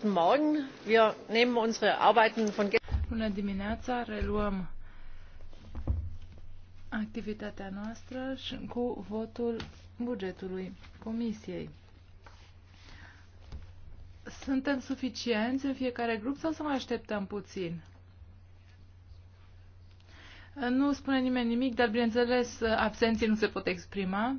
Guten Morgen. Wir nehmen unsere Arbeiten von Bună dimineața, reluăm activitatea noastră și cu votul bugetului Comisiei. Suntem suficienți în fiecare grup sau să mai așteptăm puțin? Nu spune nimeni nimic, dar bineînțeles absenții nu se pot exprima.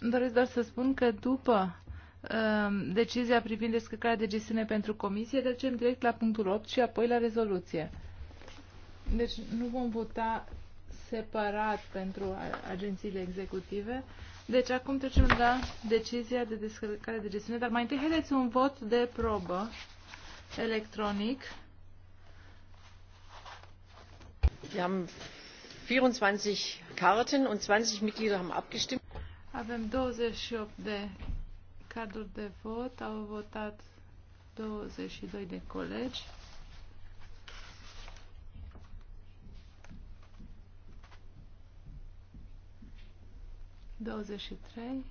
Doresc doar să spun că după Um, decizia privind descărcarea de gestiune pentru comisie, trecem direct la punctul 8 și apoi la rezoluție. Deci nu vom vota separat pentru agențiile executive. Deci acum trecem la decizia de descărcare de gestiune, dar mai întâi haideți un vot de probă electronic. Wir haben 24 Karten und 20 Mitglieder haben abgestimmt. Avem 28 de cadrul de vot au votat 22 de colegi. Douăzeci trei,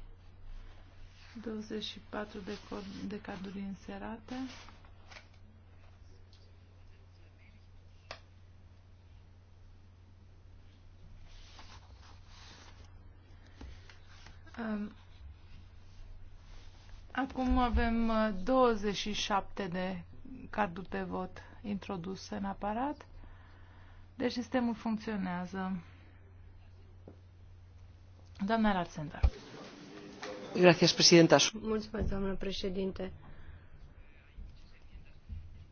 douăzeci și patru de, de caduri înserate Um, Acum avem 27 uh, de carduri de vot introduse în aparat. Deci sistemul funcționează. Doamna Larcender. Gracias, presidenta. Mulțumesc, doamnă președinte.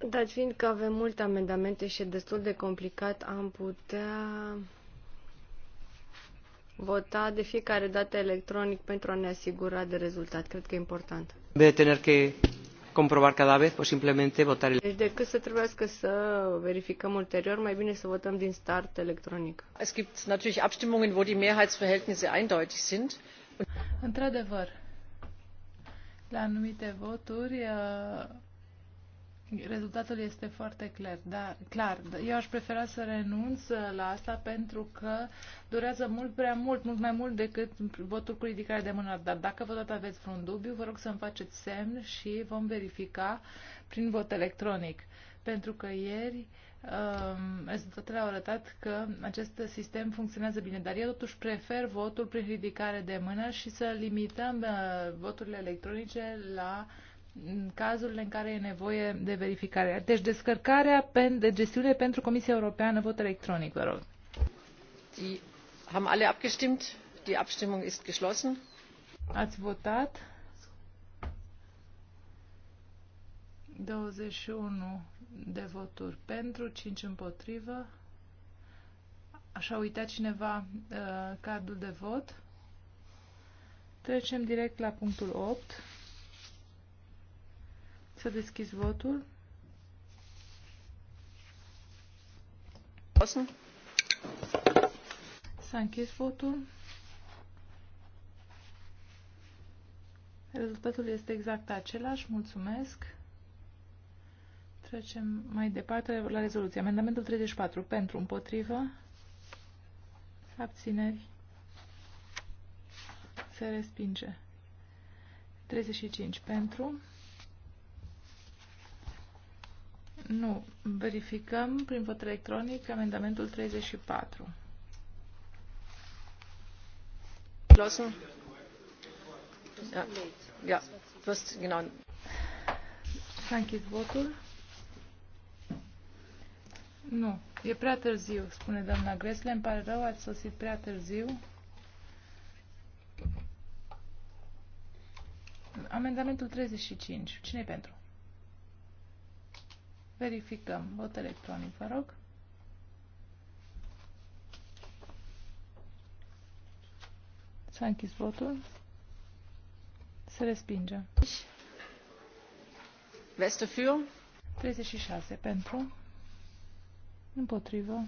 Dar fiind că avem multe amendamente și e destul de complicat, am putea vota de fiecare dată electronic pentru a ne asigura de rezultat. Cred că e important. De tener que comprobar cada vez, pues simplemente votar Deci decât să trebuiască să verificăm ulterior, mai bine să votăm din start electronic. Es gibt natürlich Abstimmungen, wo die Mehrheitsverhältnisse eindeutig sind. Într-adevăr, la anumite voturi, uh, Rezultatul este foarte clar, da, clar. Eu aș prefera să renunț la asta pentru că durează mult prea mult, mult mai mult decât votul cu ridicare de mână. Dar dacă vă tot aveți vreun dubiu, vă rog să-mi faceți semn și vom verifica prin vot electronic. Pentru că ieri um, rezultatele au arătat că acest sistem funcționează bine, dar eu totuși prefer votul prin ridicare de mână și să limităm uh, voturile electronice la în cazurile în care e nevoie de verificare. Deci descărcarea de gestiune pentru Comisia Europeană, vot electronic, vă rog. Die haben alle abgestimmt. Die Abstimmung ist geschlossen. Ați votat. 21 de voturi pentru, 5 împotrivă. Așa uita cineva uh, cardul de vot. Trecem direct la punctul 8. Să deschizi votul. S-a închis votul. Rezultatul este exact același. Mulțumesc. Trecem mai departe la rezoluție. Amendamentul 34. Pentru, împotrivă, abțineri, se respinge. 35. Pentru, Nu. Verificăm prin vot electronic amendamentul 34. Geschlossen? Ja. Ja. Wirst, genau. S-a închis votul. Nu. E prea târziu, spune doamna Gresle. Îmi pare rău, ați sosit prea târziu. Amendamentul 35. cine pentru? Verificăm. Vot electronic, vă rog. S-a închis votul. Se respinge. Veste fiu? 36 pentru. Împotrivă.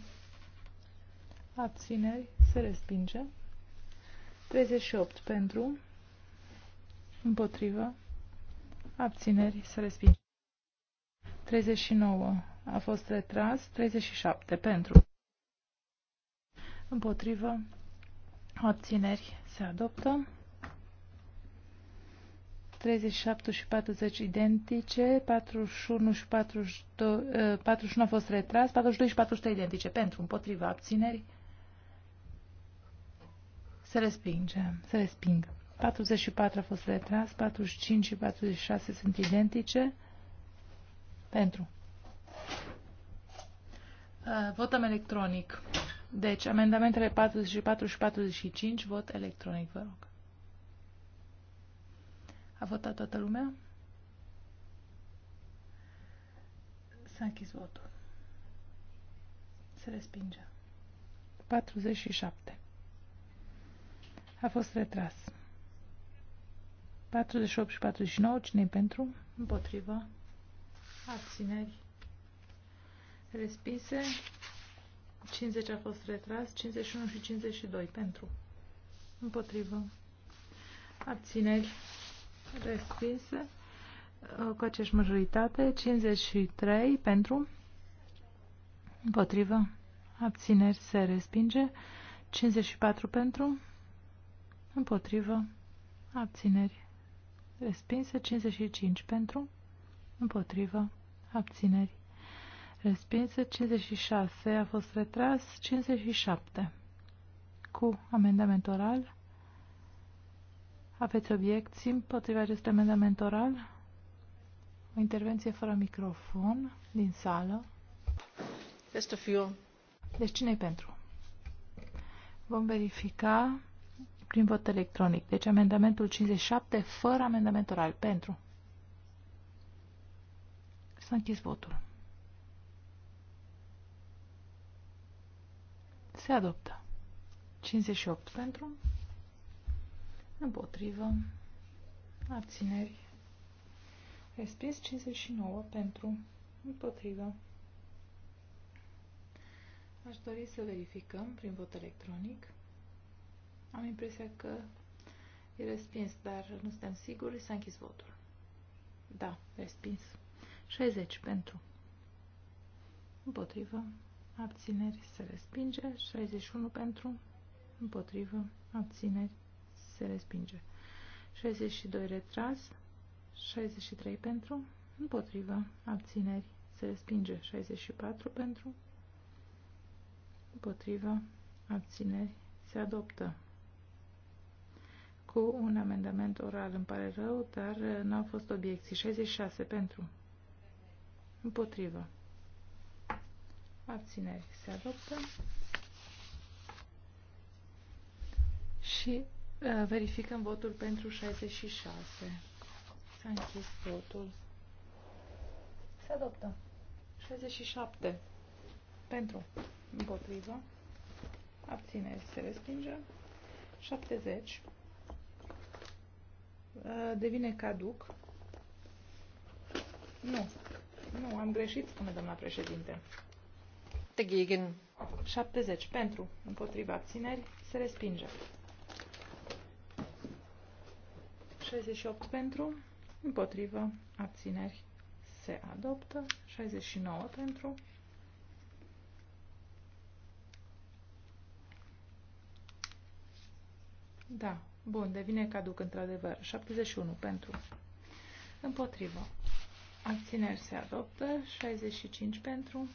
Abțineri. Se respinge. 38 pentru. Împotrivă. Abțineri. Se respinge. 39 a fost retras, 37 pentru. Împotrivă, abțineri se adoptă. 37 și 40 identice, 41 și 42, 41 eh, a fost retras, 42 și 43 identice pentru, împotrivă, abțineri. Se respinge, se resping. 44 a fost retras, 45 și 46 sunt identice. Pentru. Uh, votăm electronic. Deci, amendamentele 44 și 45, vot electronic, vă rog. A votat toată lumea? S-a închis votul. Se respinge. 47. A fost retras. 48 și 49, cine pentru? Împotrivă abțineri respinse, 50 a fost retras, 51 și 52 pentru, împotrivă, abțineri respinse, uh, cu aceeași majoritate, 53 pentru, împotrivă, abțineri se respinge, 54 pentru, împotrivă, abțineri respinse, 55 pentru, împotrivă, abțineri. Respinsă 56 a fost retras 57 cu amendament oral. Aveți obiecții împotriva acestui amendament oral? O intervenție fără microfon din sală. Este fiu. Deci cine pentru? Vom verifica prin vot electronic. Deci amendamentul 57 fără amendament oral. Pentru. S-a închis votul. Se adoptă. 58 pentru. Împotrivă. Abțineri. Respins 59 pentru. Împotrivă. Aș dori să verificăm prin vot electronic. Am impresia că e respins, dar nu suntem siguri. S-a închis votul. Da, respins. 60 pentru. Împotrivă. Abțineri se respinge. 61 pentru. Împotrivă. Abțineri se respinge. 62 retras. 63 pentru. Împotrivă. Abțineri se respinge. 64 pentru. Împotrivă. Abțineri se adoptă cu un amendament oral. Îmi pare rău, dar n au fost obiecții. 66 pentru. Împotrivă. Abțineri se adoptă. Și uh, verificăm votul pentru 66. S-a închis votul. Se adoptă. 67. Pentru. Împotrivă. Abțineri se respinge. 70. Uh, devine caduc. Nu. Nu, am greșit, spune doamna președinte. Dagegen. 70 pentru, împotriva abțineri, se respinge. 68 pentru, împotriva abțineri, se adoptă. 69 pentru, Da, bun, devine caduc într-adevăr. 71 pentru. împotriva. Abțineri se adoptă. 65 pentru.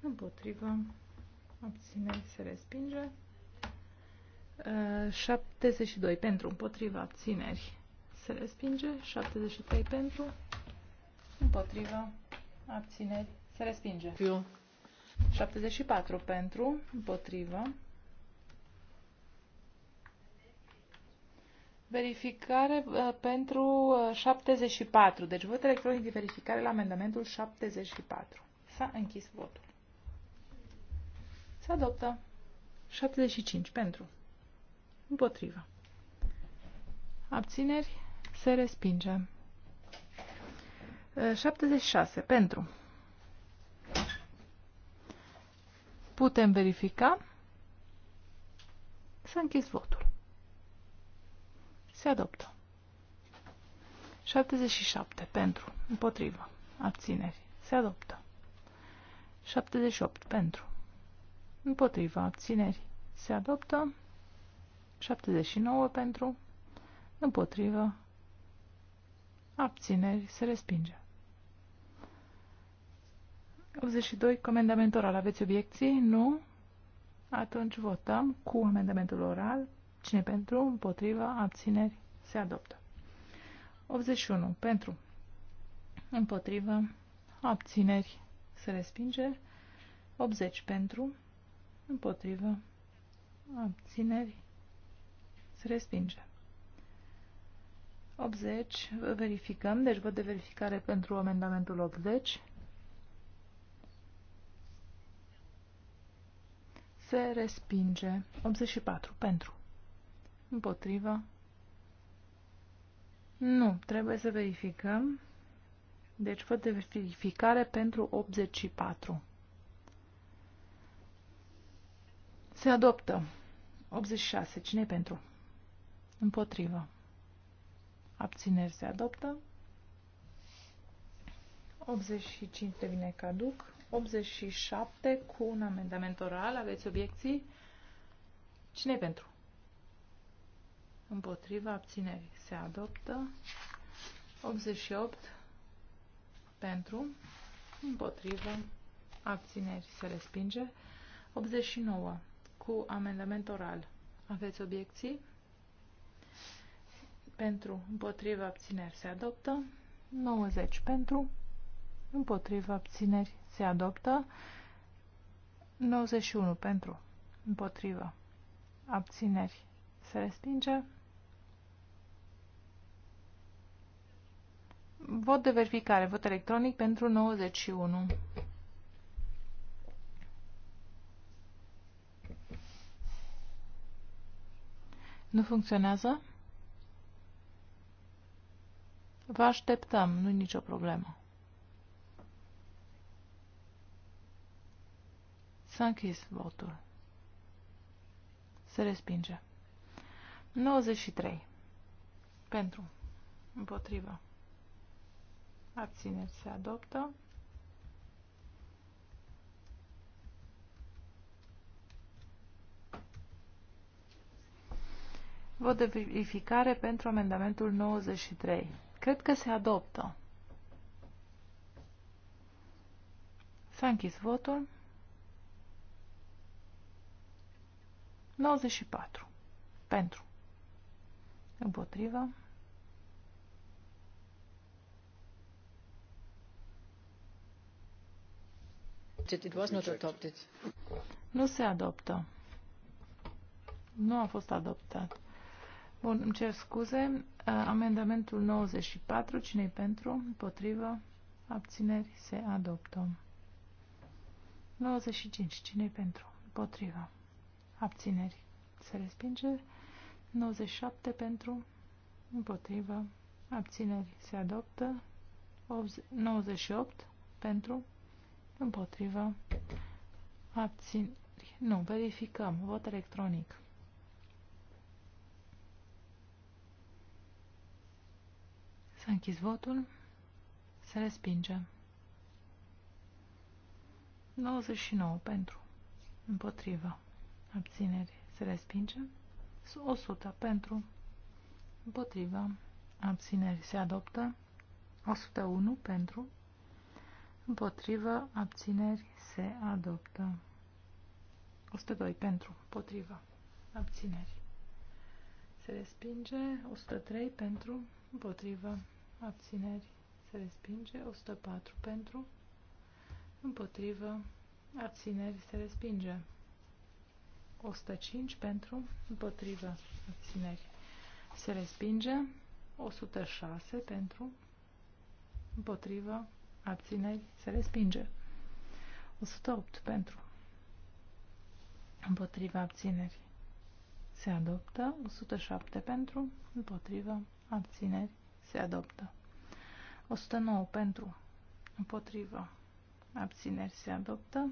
Împotrivă. Abțineri se respinge. 72 uh, pentru. împotrivă, abțineri se respinge. 73 pentru. împotrivă, abțineri se respinge. 74 pentru. împotrivă. Verificare uh, pentru 74. Uh, deci vot electronic de verificare la amendamentul 74. S-a închis votul. Se adoptă. 75 pentru. Împotrivă. Abțineri. Se respinge. 76 uh, pentru. Putem verifica. S-a închis votul. Se adoptă. 77. Pentru. Împotrivă. Abțineri. Se adoptă. 78. Pentru. Împotrivă. Abțineri. Se adoptă. 79. Pentru. Împotrivă. Abțineri. Se respinge. 82. Comendamentul oral. Aveți obiecții? Nu? Atunci votăm cu amendamentul oral Cine pentru? Împotriva. Abțineri. Se adoptă. 81. Pentru. Împotriva. Abțineri. Se respinge. 80. Pentru. Împotriva. Abțineri. Se respinge. 80. Verificăm. Deci văd de verificare pentru amendamentul 80. Se respinge. 84. Pentru. Împotrivă. Nu, trebuie să verificăm. Deci văd de verificare pentru 84. Se adoptă. 86. cine pentru? Împotrivă. Abțineri se adoptă. 85 devine caduc. 87 cu un amendament oral. Aveți obiecții? cine pentru? împotriva, abținerii se adoptă, 88 pentru, împotriva, abținerii se respinge, 89 cu amendament oral. Aveți obiecții? Pentru, împotriva, abțineri se adoptă, 90 pentru, împotriva, abțineri se adoptă, 91 pentru, împotriva, abțineri se respinge, Vot de verificare, vot electronic pentru 91. Nu funcționează? Vă așteptăm, nu-i nicio problemă. S-a închis votul. Se respinge. 93. Pentru. Împotriva. Abțineri se adoptă. Vot de verificare pentru amendamentul 93. Cred că se adoptă. S-a închis votul. 94. Pentru. Împotriva. Nu se adoptă. Nu a fost adoptat. Bun, îmi cer scuze. Uh, amendamentul 94, cine pentru? Împotrivă? Abțineri? Se adoptă. 95, cine pentru? Împotrivă. Abțineri? Se respinge. 97 pentru? Împotrivă. Abțineri? Se adoptă. 98 pentru? împotrivă, abțin, nu, verificăm, vot electronic. S-a închis votul, se respinge. 99 pentru, împotrivă, abțineri, se respinge. 100 pentru, împotrivă, abțineri, se adoptă. 101 pentru, Împotrivă, abțineri, se adoptă. 102 pentru, împotrivă, abțineri. Se respinge. 103 pentru, împotrivă, abțineri. Se respinge. 104 pentru, împotrivă, abțineri. Se respinge. 105 pentru, împotrivă, abțineri. Se respinge. 106 pentru, împotrivă, abțineri, se respinge. 108 pentru, împotriva abțineri, se adoptă. 107 pentru, împotriva abțineri, se adoptă. 109 pentru, împotriva abțineri, se adoptă.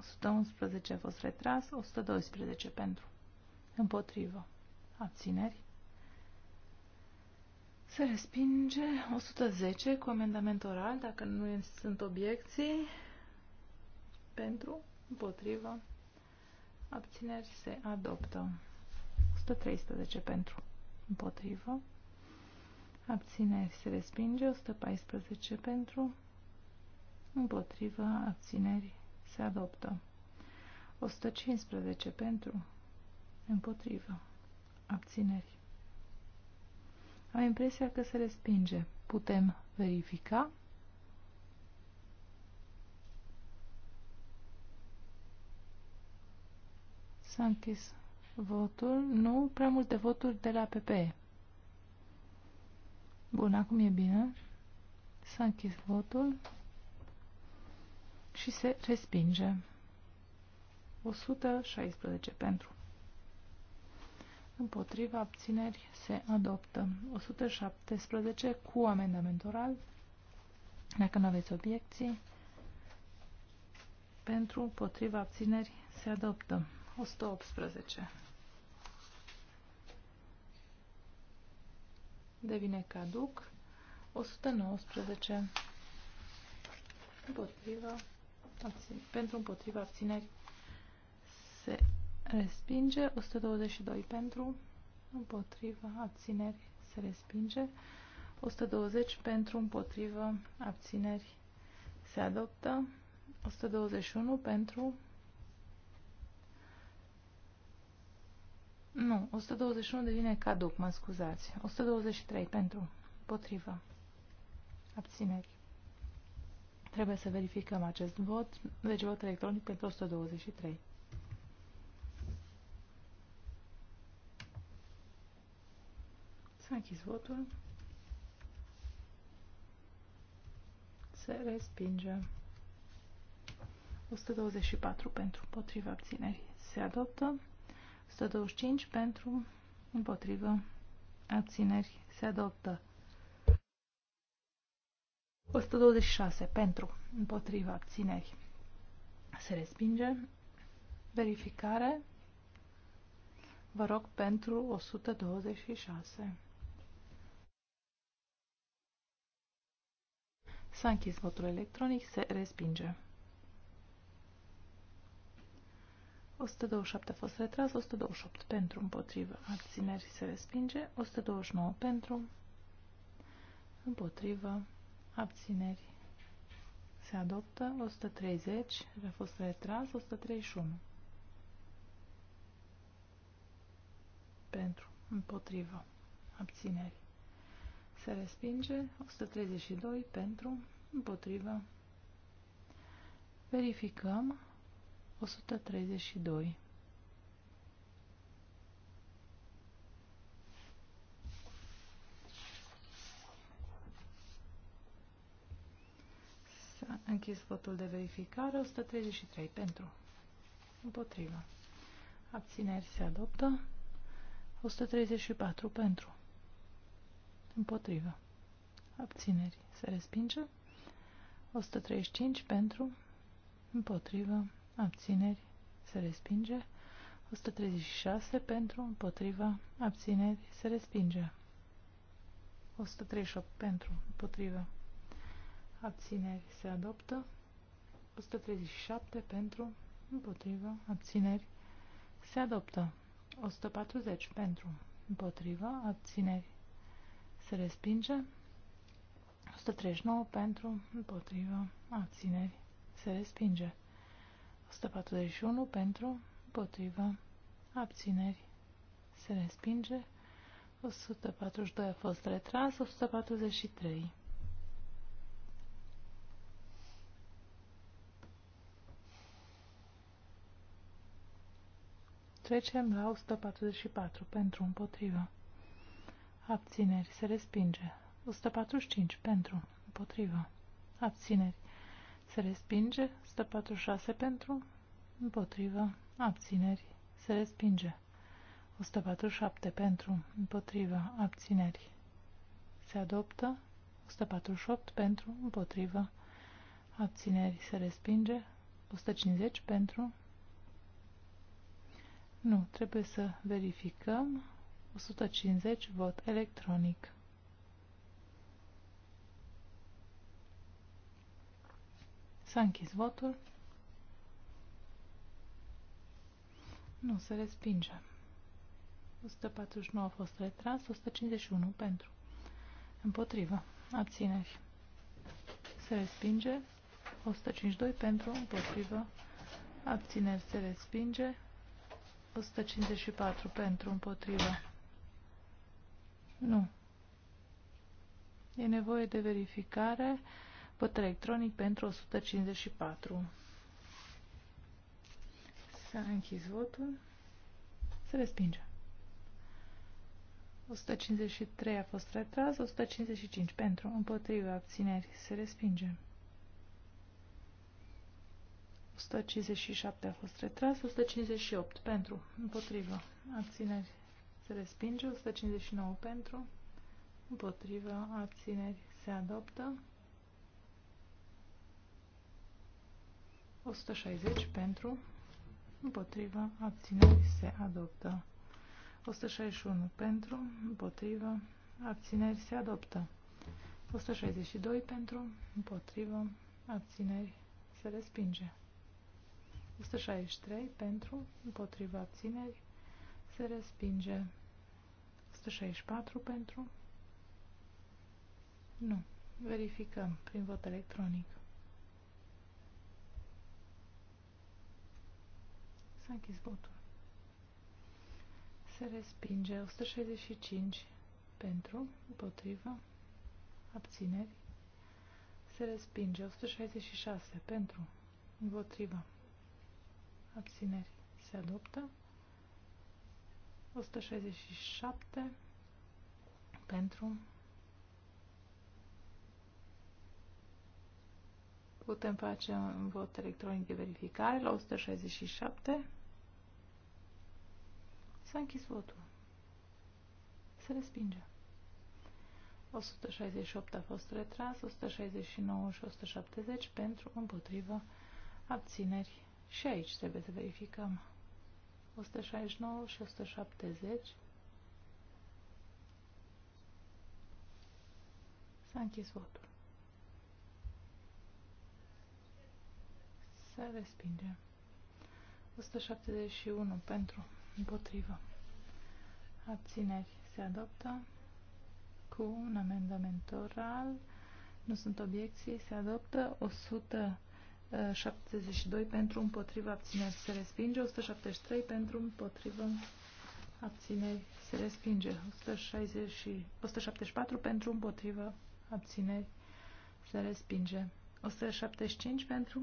111 a fost retras, 112 pentru, împotriva abțineri, se respinge 110 cu amendament oral, dacă nu sunt obiecții, pentru, împotrivă, abțineri se adoptă. 113 pentru, împotrivă, abțineri se respinge, 114 pentru, împotrivă, abțineri se adoptă. 115 pentru, împotrivă, abțineri am impresia că se respinge. Putem verifica. S-a închis votul. Nu prea multe voturi de la PPE. Bun, acum e bine. S-a închis votul și se respinge. 116 pentru. Împotriva abțineri se adoptă. 117 cu amendament oral. Dacă nu aveți obiecții. Pentru împotriva abțineri se adoptă. 118. Devine caduc. 119. Împotriva, abține, pentru împotriva abțineri se respinge, 122 pentru, împotrivă, abțineri, se respinge, 120 pentru, împotrivă, abțineri, se adoptă, 121 pentru, nu, 121 devine caduc, mă scuzați, 123 pentru, împotrivă, abțineri. Trebuie să verificăm acest vot, deci vot electronic pentru 123. S-a închis votul. Se respinge. 124 pentru împotriva abținerii. Se adoptă. 125 pentru împotriva abțineri. Se adoptă. 126 pentru împotriva abțineri. Se respinge. Verificare. Vă rog pentru 126. S-a închis votul electronic, se respinge. 127 a fost retras, 128 pentru, împotrivă, abțineri se respinge, 129 pentru, împotrivă, abțineri se adoptă, 130 a fost retras, 131 pentru, împotrivă, abțineri se respinge. 132 pentru, împotrivă. Verificăm. 132. S-a închis votul de verificare. 133 pentru. Împotrivă. Abțineri se adoptă. 134 pentru împotrivă. Abțineri se respinge. 135 pentru, împotrivă, abțineri se respinge. 136 pentru, împotrivă, abțineri se respinge. 138 pentru, împotrivă, abțineri se adoptă. 137 pentru, împotrivă, abțineri se adoptă. 140 pentru, împotrivă, abțineri se respinge. 139 pentru, împotrivă, abțineri, se respinge. 141 pentru, împotrivă, abțineri, se respinge. 142 a fost retras, 143. Trecem la 144 pentru împotrivă. Abțineri. Se respinge. 145. Pentru. Împotrivă. Abțineri. Se respinge. 146. Pentru. Împotrivă. Abțineri. Se respinge. 147. Pentru. Împotrivă. Abțineri. Se adoptă. 148. Pentru. Împotrivă. Abțineri. Se respinge. 150. Pentru. Nu. Trebuie să verificăm. 150, vot electronic. S-a închis votul. Nu se respinge. 149 a fost retras, 151 pentru. Împotrivă. Abțineri. Se respinge. 152 pentru. Împotrivă. Abțineri se respinge. 154 pentru. Împotrivă. Nu. E nevoie de verificare. pot electronic pentru 154. S-a închis votul. Se respinge. 153 a fost retras, 155 pentru, împotriva, abțineri, se respinge. 157 a fost retras, 158 pentru, împotriva, abțineri, se respinge, 159 pentru, împotrivă, abțineri, se adoptă, 160 pentru, împotrivă, abțineri, se adoptă, 161 pentru, împotrivă, abțineri, se adoptă, 162 pentru, împotrivă, abțineri, se respinge. 163 pentru, împotriva abțineri, se respinge. 164 pentru? Nu. Verificăm prin vot electronic. S-a închis votul. Se respinge 165 pentru, împotrivă, abțineri. Se respinge 166 pentru, împotrivă, abțineri. Se adoptă 167 pentru. Putem face un vot electronic de verificare la 167. S-a închis votul. Se respinge. 168 a fost retras, 169 și 170 pentru, împotrivă, abțineri. Și aici trebuie să verificăm. 169 și 170. S-a închis votul. Se respinge. 171 pentru, împotrivă. Abțineri se adoptă cu un amendament oral. Nu sunt obiecții. Se adoptă 100. 72 uh, pentru împotriva abțineri se respinge, 173 pentru împotriva abțineri se respinge, 160 și 174 pentru împotriva abțineri se respinge, 175 pentru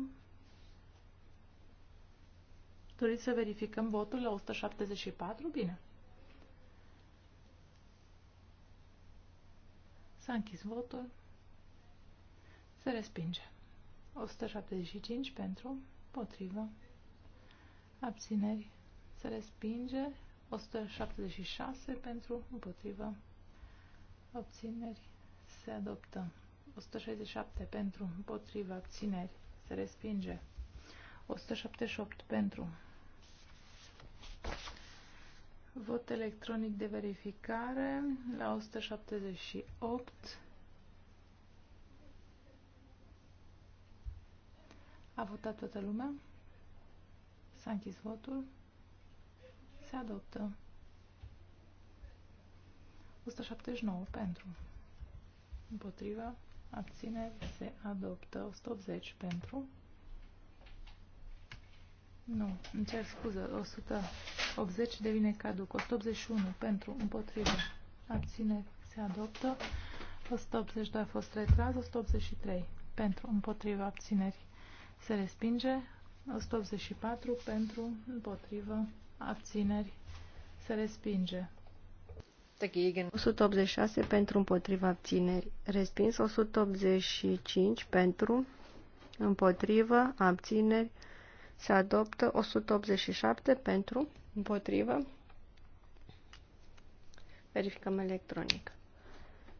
Doriți să verificăm votul la 174? Bine. S-a închis votul. Se respinge. 175 pentru, potrivă, abțineri, se respinge, 176 pentru, împotrivă, abțineri, se adoptă, 167 pentru, împotrivă, abțineri, se respinge, 178 pentru, vot electronic de verificare la 178, A votat toată lumea. S-a închis votul. Se adoptă. 179 pentru. Împotriva. Abține. Se adoptă. 180 pentru. Nu, îmi cer scuză. 180 devine caduc. 181 pentru. Împotriva. Abține. Se adoptă. 182 a fost retras. 183 pentru. Împotriva. Abțineri se respinge. 184 pentru, împotrivă, abțineri. Se respinge. 186 pentru împotriva abțineri. Respins 185 pentru împotriva abțineri. Se adoptă 187 pentru împotriva. Verificăm electronic.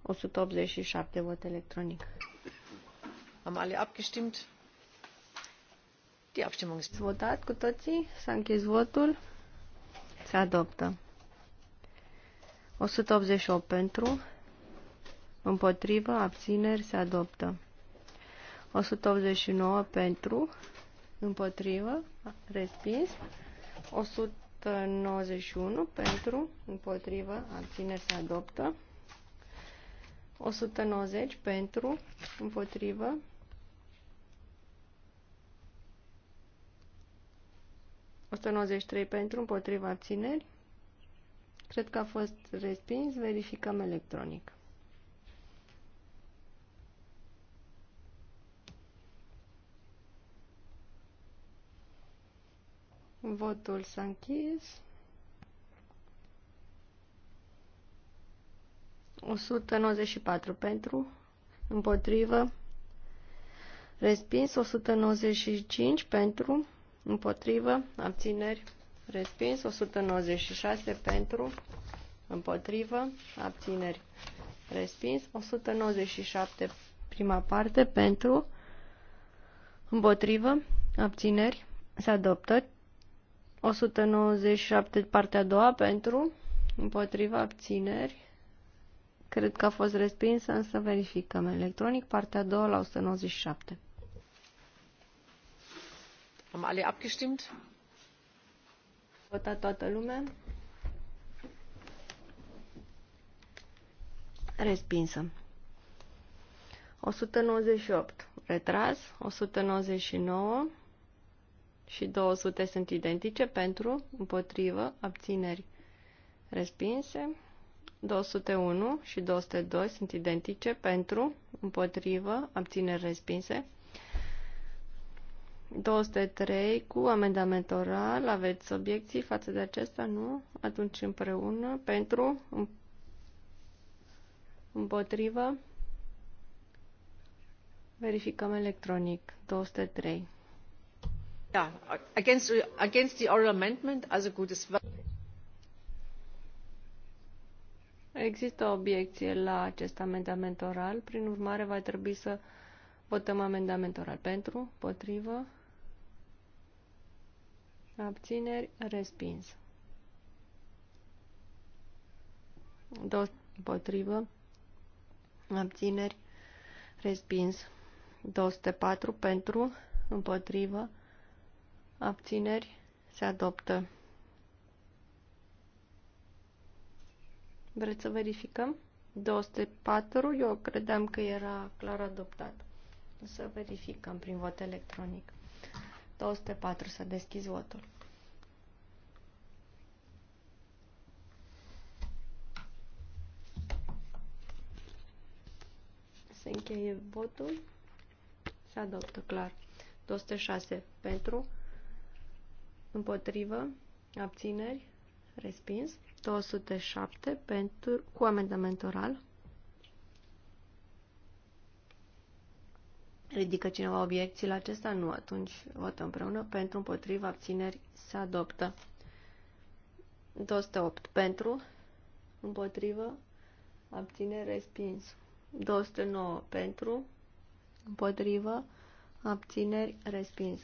187 vot electronic. Am alle abgestimmt. Die votat cu toții. S-a închis votul. Se adoptă. 188 pentru. Împotrivă. Abțineri. Se adoptă. 189 pentru. Împotrivă. Respins. 191 pentru. Împotrivă. Abțineri. Se adoptă. 190 pentru. Împotrivă. 193 pentru, împotriva abțineri. Cred că a fost respins. Verificăm electronic. Votul s-a închis. 194 pentru, împotrivă, respins, 195 pentru, Împotrivă, abțineri, respins. 196 pentru, împotrivă, abțineri, respins. 197 prima parte pentru, împotrivă, abțineri, se adoptă. 197 partea a doua pentru, împotrivă, abțineri. Cred că a fost respinsă, însă verificăm electronic partea a doua la 197 am alle abgestimmt? Votat toată lumea. Respinsă. 198. Retras. 199 și 200 sunt identice pentru, împotrivă, abțineri respinse. 201 și 202 sunt identice pentru, împotrivă, abțineri respinse. 203 cu amendament oral. Aveți obiecții față de acesta? Nu? Atunci împreună. Pentru? Împotrivă? Verificăm electronic. 203. Da. Against, against the oral amendment, a good as well. Există o obiecție la acest amendament oral, prin urmare va trebui să votăm amendament oral pentru, potrivă, Abțineri, respins. Dos împotrivă. Abțineri, respins. 204 pentru, împotrivă. Abțineri, se adoptă. Vreți să verificăm? 204, eu credeam că era clar adoptat. Să verificăm prin vot electronic. 204. Să deschizi votul. Se încheie votul. Se adoptă, clar. 206 pentru, împotrivă, abțineri, respins. 207 pentru, cu amendament oral, Ridică cineva obiecții la acesta? Nu. Atunci vot împreună. Pentru, împotriva, abțineri, se adoptă. 208. Pentru, împotrivă, abțineri, respins. 209. Pentru, împotrivă, abțineri, respins.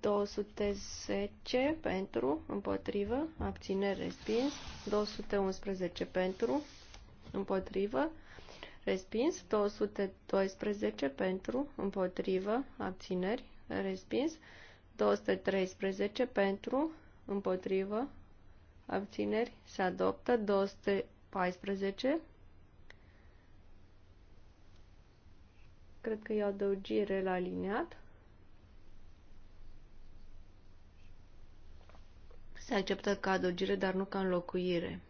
210 pentru, împotrivă, abțineri, respins. 211 pentru, împotrivă, Respins. 212 pentru, împotrivă, abțineri. Respins. 213 pentru, împotrivă, abțineri. Se adoptă. 214. Cred că e o adăugire la aliniat. Se acceptă ca adăugire, dar nu ca înlocuire.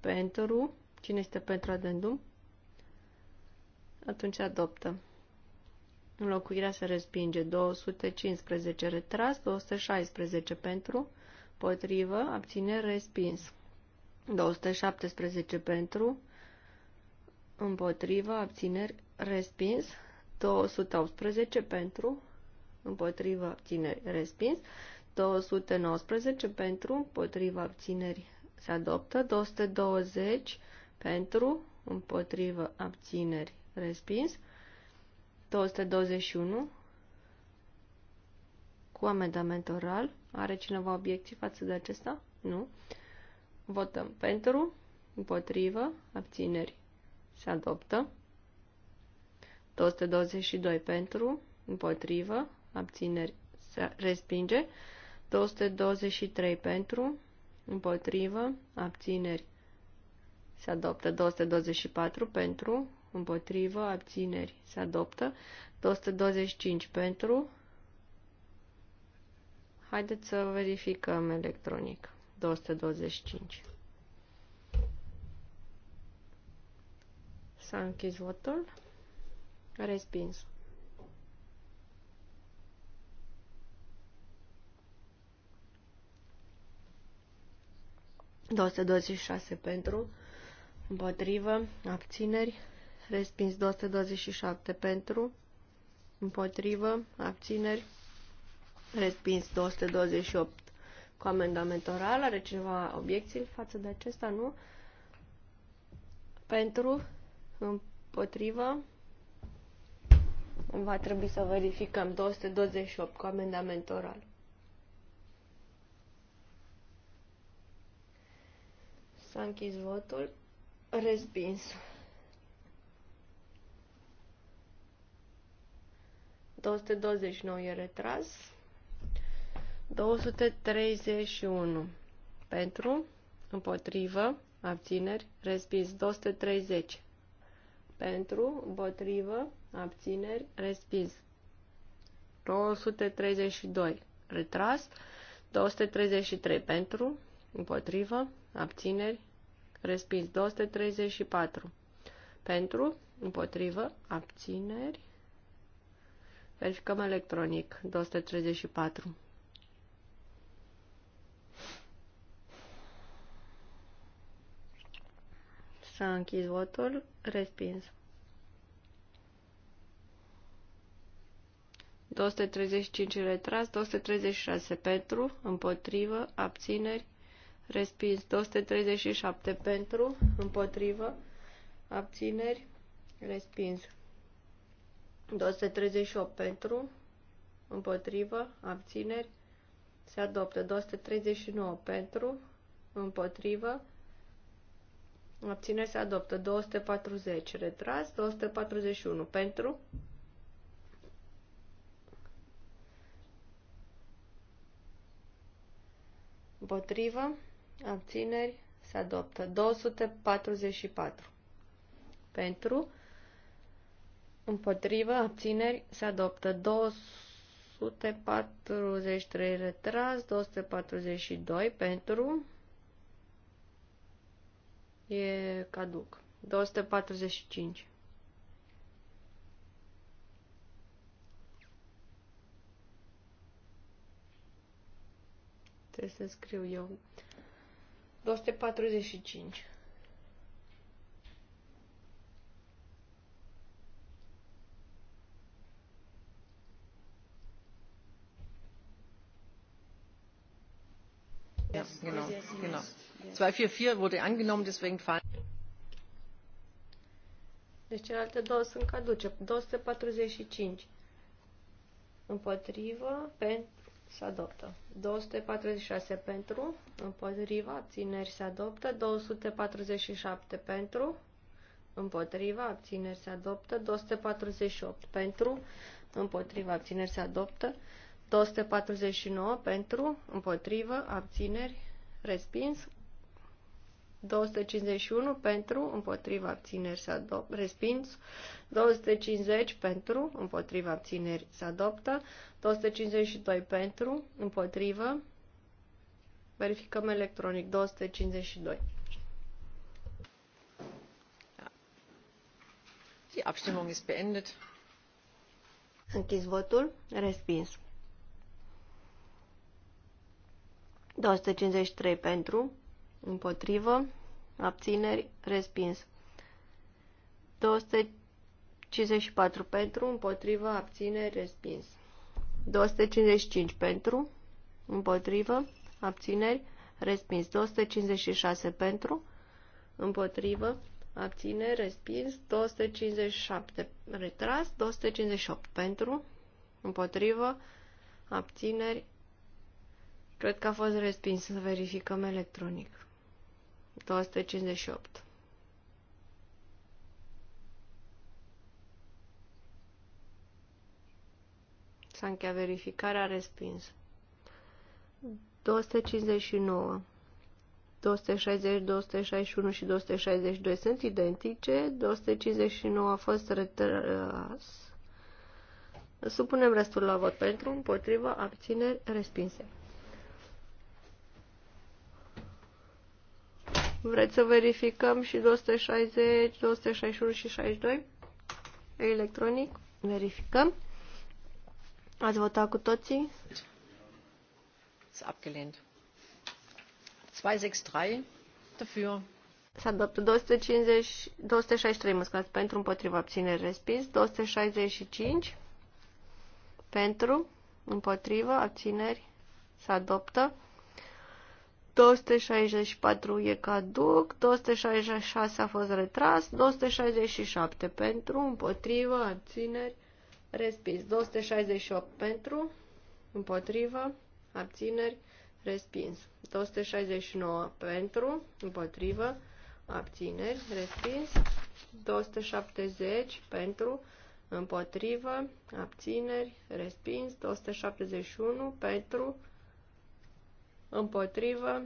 Pentru. Cine este pentru adendum? atunci adoptă. Înlocuirea se respinge. 215 retras, 216 pentru, potrivă, abțineri, respins. 217 pentru, împotrivă, abțineri, respins. 218 pentru, împotrivă, abțineri, respins. 219 pentru, împotrivă, abțineri se adoptă, 220 pentru, împotrivă, abțineri Respins. 221. Cu amendament oral. Are cineva obiecții față de acesta? Nu. Votăm pentru, împotrivă, abțineri. Se adoptă. 222 pentru, împotrivă, abțineri. Se respinge. 223 pentru, împotrivă, abțineri. Se adoptă 224 pentru, împotrivă, abțineri, se adoptă. 225 pentru. Haideți să verificăm electronic. 225. S-a închis votul. Respins. șase pentru, împotrivă, abțineri, Respins 227 pentru, împotrivă, abțineri. Respins 228 cu amendament oral. Are ceva obiecții față de acesta? Nu. Pentru, împotrivă, va trebui să verificăm 228 cu amendament oral. S-a închis votul. Respins. 229 e retras. 231 pentru, împotrivă, abțineri, respins. 230 pentru, împotrivă, abțineri, respins. 232 retras. 233 pentru, împotrivă, abțineri, respins. 234 pentru, împotrivă, abțineri, Verificăm electronic. 234. S-a închis votul. Respins. 235 retras, 236 pentru, împotrivă, abțineri, respins, 237 pentru, împotrivă, abțineri, respins. 238 pentru, împotrivă, abțineri, se adoptă. 239 pentru, împotrivă, abțineri, se adoptă. 240 retras, 241 pentru, împotrivă, abțineri, se adoptă. 244 pentru, Împotrivă, abțineri, se adoptă 243 retras, 242 pentru, e caduc, 245. Trebuie să scriu eu. 245. 244 wurde angenommen, deswegen fallen. Deci celelalte două sunt caduce. 245 împotrivă, pentru, se adoptă. 246 pentru, împotriva, abțineri se adoptă. 247 pentru, împotriva, abțineri se adoptă. 248 pentru, împotriva, abțineri se adoptă. 249 pentru, împotrivă, abțineri, respins. 251 pentru, împotriva abțineri se adoptă, respins. 250 pentru, împotriva abțineri se adoptă. 252 pentru, împotrivă. Verificăm electronic. 252. Die Abstimmung ist beendet. Închis votul. Respins. 253 pentru, împotrivă, abțineri, respins. 254 pentru, împotrivă, abțineri, respins. 255 pentru, împotrivă, abțineri, respins. 256 pentru, împotrivă, abțineri, respins. 257 retras, 258 pentru, împotrivă, abțineri, Cred că a fost respins să verificăm electronic. 258. S-a încheiat verificarea, respins. 259. 260, 261 și 262 sunt identice, 259 a fost retras. Supunem restul la vot pentru, împotriva, abțineri, respinse. Vreți să verificăm și 260, 261 și 62? Electronic. Verificăm. Ați votat cu toții? S-a abgelehnt. 263 dafür. S-a adoptat 250, 263, mă scuzați, pentru împotriva abțineri respins, 265 pentru împotriva abțineri S-a adoptat. 264 e caduc, 266 a fost retras, 267 pentru, împotrivă, abțineri, respins. 268 pentru, împotrivă, abțineri, respins. 269 pentru, împotrivă, abțineri, respins. 270 pentru, împotrivă, abțineri, respins. 271 pentru, împotrivă,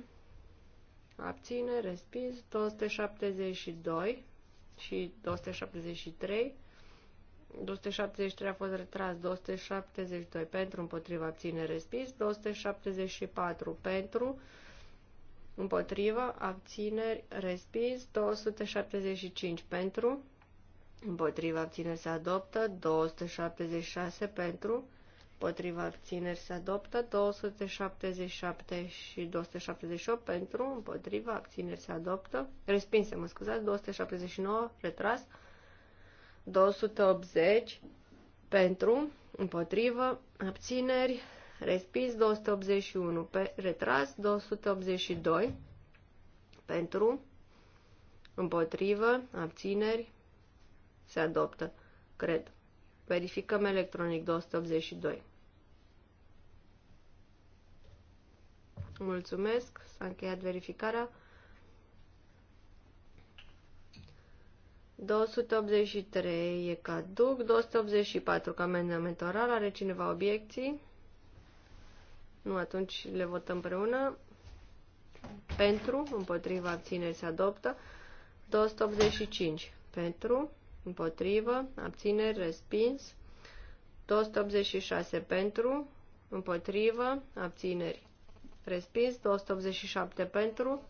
abține, respins, 272 și 273, 273 a fost retras, 272 pentru, împotriva, abține, respins, 274 pentru, împotrivă, abține, respins, 275 pentru, împotriva, abține, se adoptă, 276 pentru, potriva abțineri se adoptă, 277 și 278 pentru, împotriva abțineri se adoptă, respinse, mă scuzați, 279 retras, 280 pentru, împotrivă, abțineri, respins, 281 pe, retras, 282 pentru, împotrivă, abțineri, se adoptă, cred. Verificăm electronic 282. Mulțumesc, s-a încheiat verificarea. 283 e caduc, 284 ca amendament oral, are cineva obiecții? Nu, atunci le votăm împreună. Pentru, împotriva abțineri se adoptă. 285 pentru, împotrivă, abțineri, respins. 286 pentru, împotrivă, abțineri, respins. 287 pentru,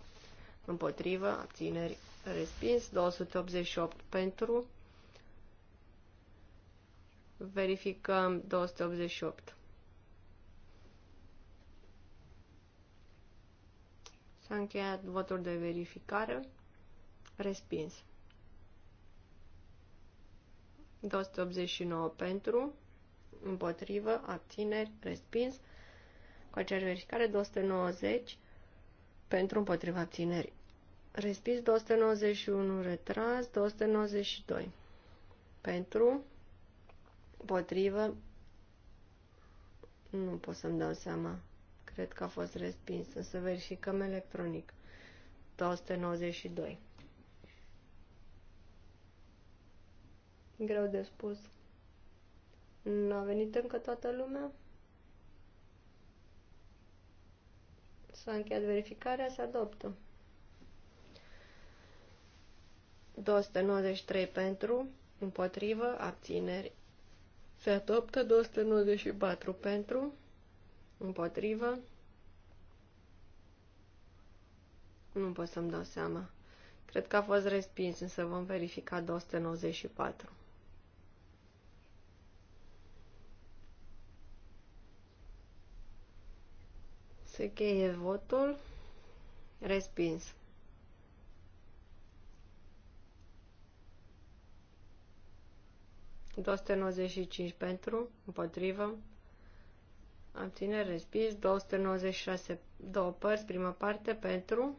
împotrivă, abțineri, respins. 288 pentru, verificăm 288. S-a încheiat votul de verificare. Respins. 289 pentru, împotrivă, abțineri, respins. Cu aceeași verificare, 290 pentru, împotrivă, abțineri. Respins 291, retras 292. Pentru, împotrivă, nu pot să-mi dau seama. Cred că a fost respins, însă verificăm electronic. 292. Greu de spus. N-a venit încă toată lumea? S-a încheiat verificarea, se adoptă. 293 pentru, împotrivă, abțineri. Se adoptă 294 pentru, împotrivă. Nu pot să-mi dau seama. Cred că a fost respins, însă vom verifica 294. Se cheie votul. Respins. cinci pentru, împotrivă, Abține, respins, 296, două părți, prima parte, pentru,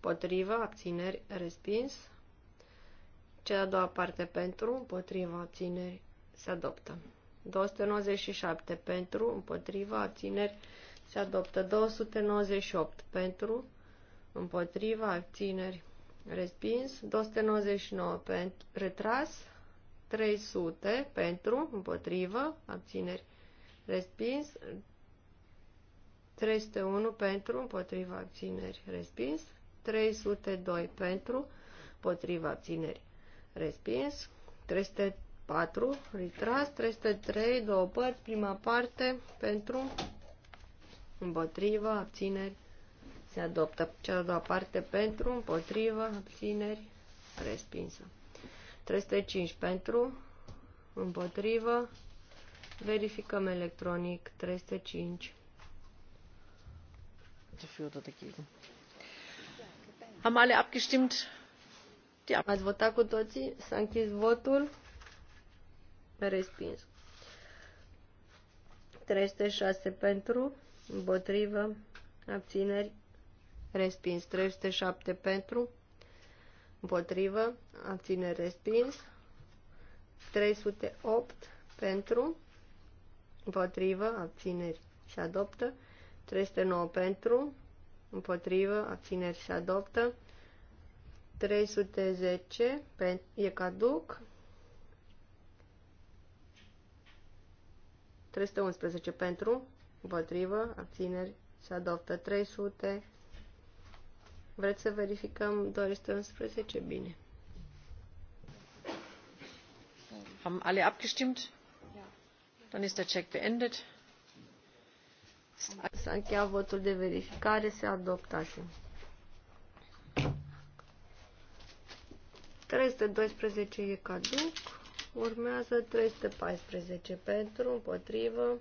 potrivă abțineri, respins, cea a doua parte pentru, împotrivă, abțineri, se adoptă. 297 pentru, împotrivă, abțineri, respins se adoptă 298 pentru, împotriva, abțineri, respins, 299 pentru, retras, 300 pentru, împotrivă, abțineri, respins, 301 pentru, împotriva, abțineri, respins, 302 pentru, împotriva, abțineri, respins, 304, retras, 303, două părți, prima parte, pentru, împotrivă, abțineri, se adoptă. Cea de-a doua parte pentru, împotrivă, abțineri, respinsă. 305 pentru, împotrivă, verificăm electronic, 305. Dafür oder dagegen. Am alle abgestimmt? Ja. Ați votat cu toții? S-a închis votul? Respins. 306 pentru, împotrivă, abțineri, respins. 307 pentru, împotrivă, abțineri, respins. 308 pentru, împotrivă, abțineri, se adoptă. 309 pentru, împotrivă, abțineri, se adoptă. 310 pe, e caduc. 311 pentru, Împotrivă, abțineri, se adoptă 300. Vreți să verificăm 211? Bine. Am alle abgestimmt? Dann ist der Check beendet. S-a încheiat votul de verificare, se adoptă așa. 312 e caduc, urmează 314 pentru, împotrivă,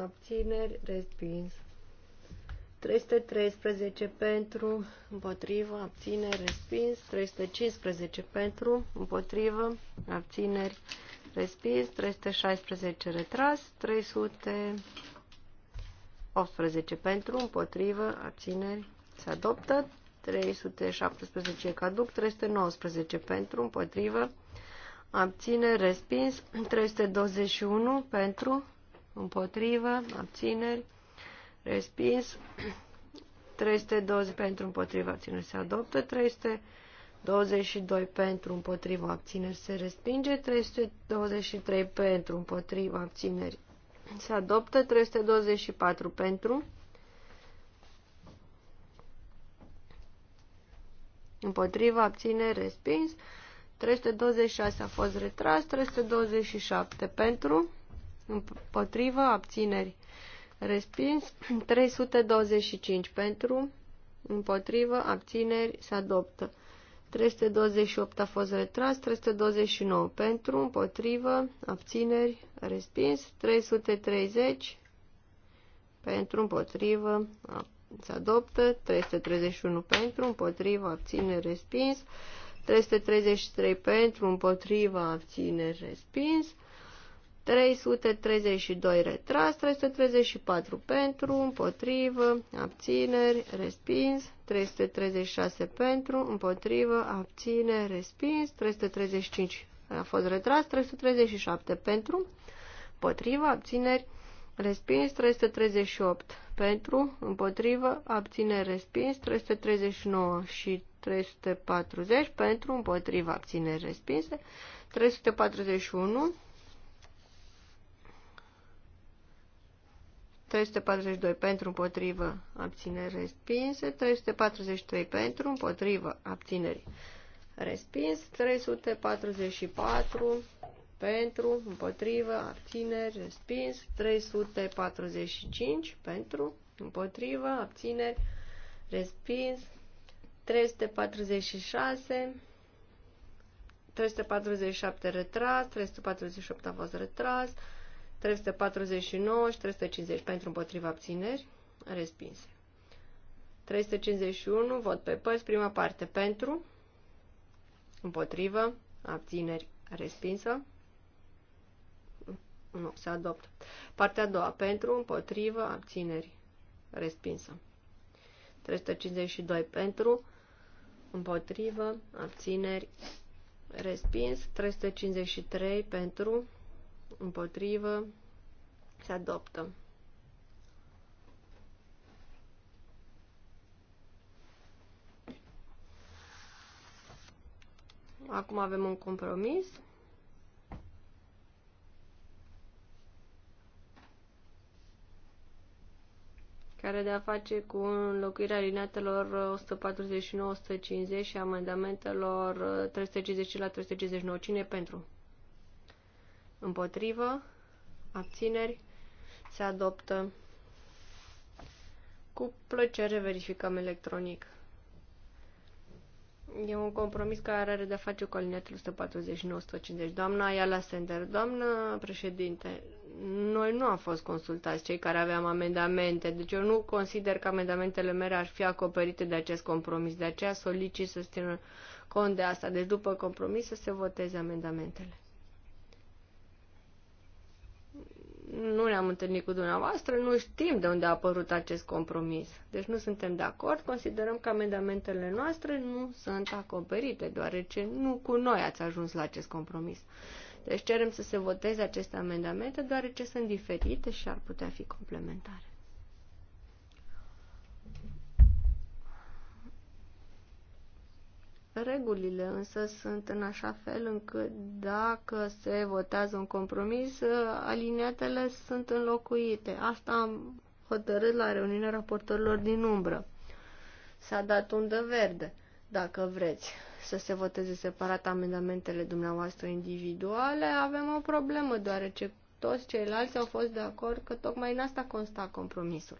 abțineri, respins. 313 pentru, împotrivă, abțineri, respins. 315 pentru, împotrivă, abțineri, respins. 316 retras. 318 pentru, împotrivă, abțineri, se adoptă. 317 caduc, 319 pentru, împotrivă, abțineri, respins. 321 pentru, împotrivă, abțineri, respins. 320 pentru împotrivă. abțineri se adoptă, 322 pentru împotrivă. abțineri se respinge, 323 pentru împotrivă. abțineri se adoptă, 324 pentru Împotrivă, abțineri respins, 326 a fost retras, 327 pentru Împotrivă, abțineri. Respins. 325 pentru. Împotrivă, abțineri, se adoptă. 328 a fost retras, 329 pentru, împotrivă, abțineri, respins, 330 pentru, împotrivă, se adoptă, 331 pentru, împotrivă, abțineri, respins, 333 pentru, împotrivă, abțineri, respins, 332 retras, 334 pentru, împotrivă, abțineri, respins, 336 pentru, împotrivă, abțineri, respins, 335 a fost retras, 337 pentru, împotrivă, abțineri, respins, 338 pentru, împotrivă, abțineri, respins, 339 și 340 pentru, împotrivă, abțineri, respinse, 341 342 pentru împotrivă abțineri respinse, 343 pentru împotrivă abțineri respins, 344 pentru împotrivă abțineri respins, 345 pentru împotrivă abțineri respins, 346 347 retras, 348 a fost retras, 349 și 350 pentru împotriva abțineri, respinse. 351, vot pe părți, prima parte pentru, împotrivă, abțineri, respinsă. Nu, se adoptă. Partea a doua, pentru, împotrivă, abțineri, respinsă. 352 pentru, împotrivă, abțineri, respins. 353 pentru, împotrivă, se adoptă. Acum avem un compromis. care de a face cu înlocuirea alineatelor 149-150 și amendamentelor 350 uh, la 359. Cine pentru? Împotrivă. Abțineri. Se adoptă. Cu plăcere verificăm electronic. E un compromis care are de-a face cu alineatul 149-150. Doamna Ayala Sender, doamnă președinte, noi nu am fost consultați cei care aveam amendamente, deci eu nu consider că amendamentele mele ar fi acoperite de acest compromis, de aceea solicit să țină cont de asta. Deci după compromis să se voteze amendamentele. nu ne-am întâlnit cu dumneavoastră, nu știm de unde a apărut acest compromis. Deci nu suntem de acord, considerăm că amendamentele noastre nu sunt acoperite, deoarece nu cu noi ați ajuns la acest compromis. Deci cerem să se voteze aceste amendamente, deoarece sunt diferite și ar putea fi complementare. Regulile însă sunt în așa fel încât dacă se votează un compromis, aliniatele sunt înlocuite. Asta am hotărât la reuniunea raportorilor din umbră. S-a dat undă verde, dacă vreți, să se voteze separat amendamentele dumneavoastră individuale, avem o problemă, deoarece toți ceilalți au fost de acord că tocmai în asta consta compromisul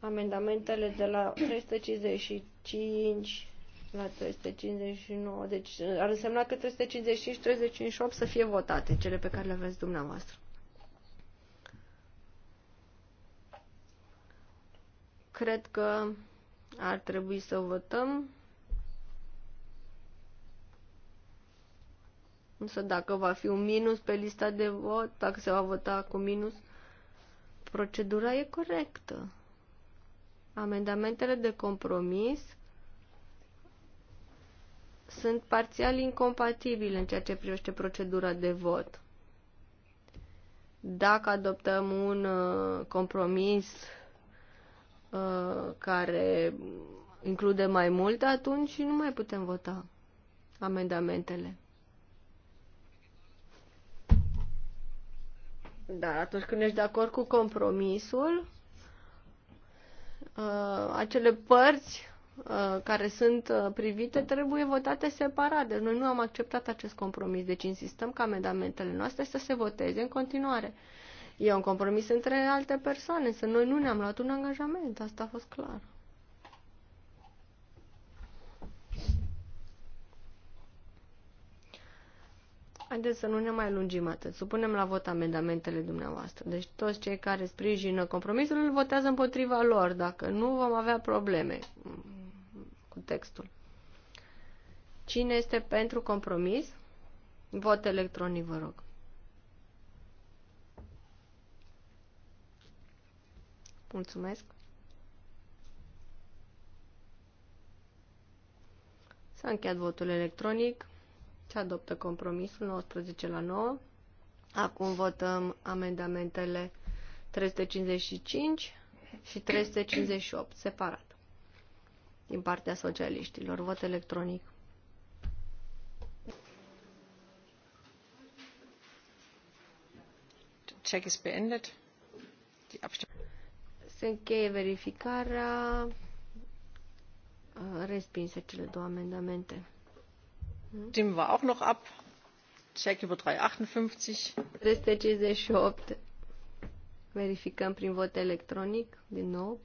amendamentele de la 355 la 359, deci ar însemna că 355 358 să fie votate, cele pe care le aveți dumneavoastră. Cred că ar trebui să votăm. Însă dacă va fi un minus pe lista de vot, dacă se va vota cu minus, procedura e corectă. Amendamentele de compromis sunt parțial incompatibile în ceea ce privește procedura de vot. Dacă adoptăm un uh, compromis uh, care include mai mult, atunci nu mai putem vota amendamentele. Dar atunci când ești de acord cu compromisul, uh, acele părți uh, care sunt uh, privite trebuie votate separat. Deci noi nu am acceptat acest compromis, deci insistăm ca amendamentele noastre să se voteze în continuare. E un compromis între alte persoane, să noi nu ne-am luat un angajament, asta a fost clar. Haideți să nu ne mai lungim atât. Supunem la vot amendamentele dumneavoastră. Deci toți cei care sprijină compromisul îl votează împotriva lor. Dacă nu, vom avea probleme cu textul. Cine este pentru compromis? Vot electronic, vă rog. Mulțumesc. S-a încheiat votul electronic. Se adoptă compromisul 19 la 9. Acum votăm amendamentele 355 și 358 separat din partea socialiștilor. Vot electronic. Check is beendet. Se încheie verificarea. Respinse cele două amendamente stimmen wir auch noch ab. Check über 358. 358. Verificăm prin vot electronic din nou.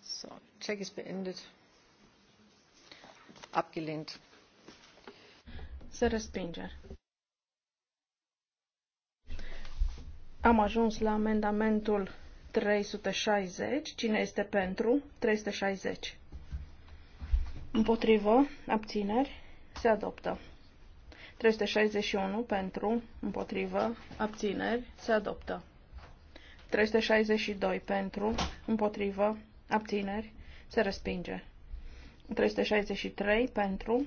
So, check ist beendet. Abgelehnt. Se respinge. Am ajuns la amendamentul 360. Cine este pentru? 360. Împotrivă, abțineri, se adoptă. 361 pentru, împotrivă, abțineri, se adoptă. 362 pentru, împotrivă, abțineri, se respinge. 363 pentru,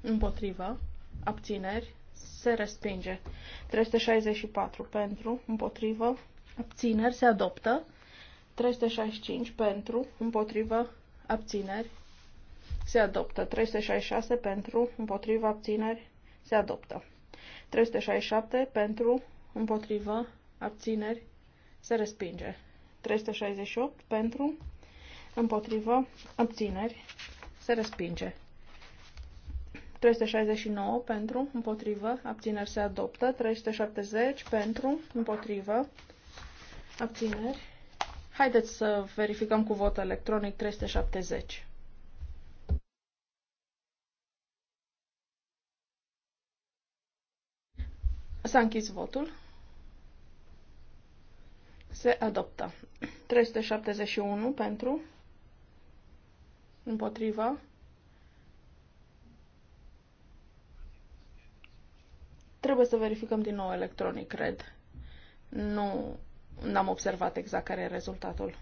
împotrivă, abțineri, se respinge. 364 pentru, împotrivă, Abțineri se adoptă. 365 pentru, împotrivă, abțineri se adoptă. 366 pentru, împotrivă, abțineri se adoptă. 367 pentru, împotrivă, abțineri se respinge. 368 pentru, împotrivă, abțineri se respinge. 369 pentru, împotrivă, abțineri se adoptă, 370 pentru, împotrivă, Abțineri. Haideți să verificăm cu vot electronic 370. S-a închis votul. Se adoptă. 371 pentru. Împotriva. Trebuie să verificăm din nou electronic, cred. Nu N-am observat exact care e rezultatul.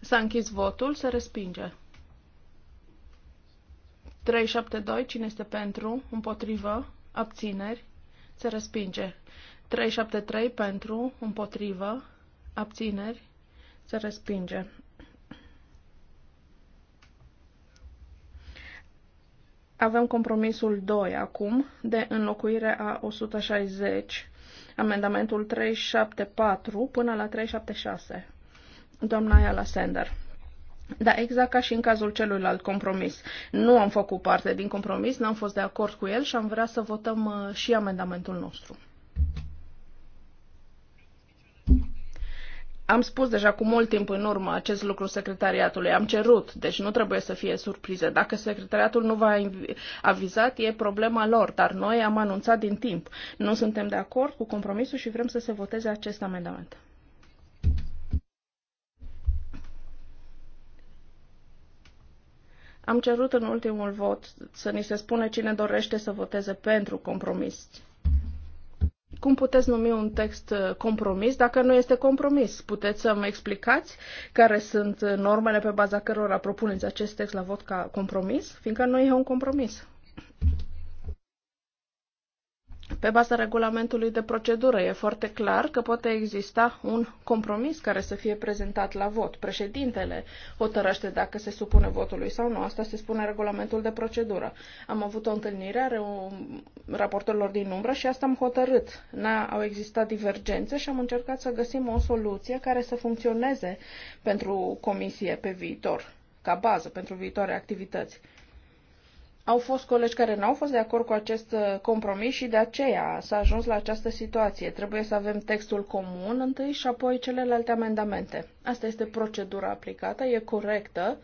S-a închis votul, se respinge. 372, cine este pentru, împotrivă, abțineri, se respinge. 373, pentru, împotrivă, abțineri, se respinge. Avem compromisul 2 acum, de înlocuire a 160, amendamentul 374 până la 376. Doamna Iala Sender. Da, exact ca și în cazul celuilalt compromis. Nu am făcut parte din compromis, n-am fost de acord cu el și am vrea să votăm uh, și amendamentul nostru. Am spus deja cu mult timp în urmă acest lucru secretariatului, am cerut, deci nu trebuie să fie surpriză. Dacă secretariatul nu va avizat, e problema lor, dar noi am anunțat din timp. Nu suntem de acord cu compromisul și vrem să se voteze acest amendament. Am cerut în ultimul vot să ni se spune cine dorește să voteze pentru compromis. Cum puteți numi un text uh, compromis dacă nu este compromis? Puteți să-mi explicați care sunt uh, normele pe baza cărora propuneți acest text la vot ca compromis? Fiindcă nu e un compromis. Pe baza regulamentului de procedură e foarte clar că poate exista un compromis care să fie prezentat la vot. Președintele hotărăște dacă se supune votului sau nu. Asta se spune regulamentul de procedură. Am avut o întâlnire a raportorilor din umbră și asta am hotărât. N-a, au existat divergențe și am încercat să găsim o soluție care să funcționeze pentru comisie pe viitor, ca bază pentru viitoare activități. Au fost colegi care n-au fost de acord cu acest uh, compromis și de aceea s-a ajuns la această situație. Trebuie să avem textul comun întâi și apoi celelalte amendamente. Asta este procedura aplicată, e corectă.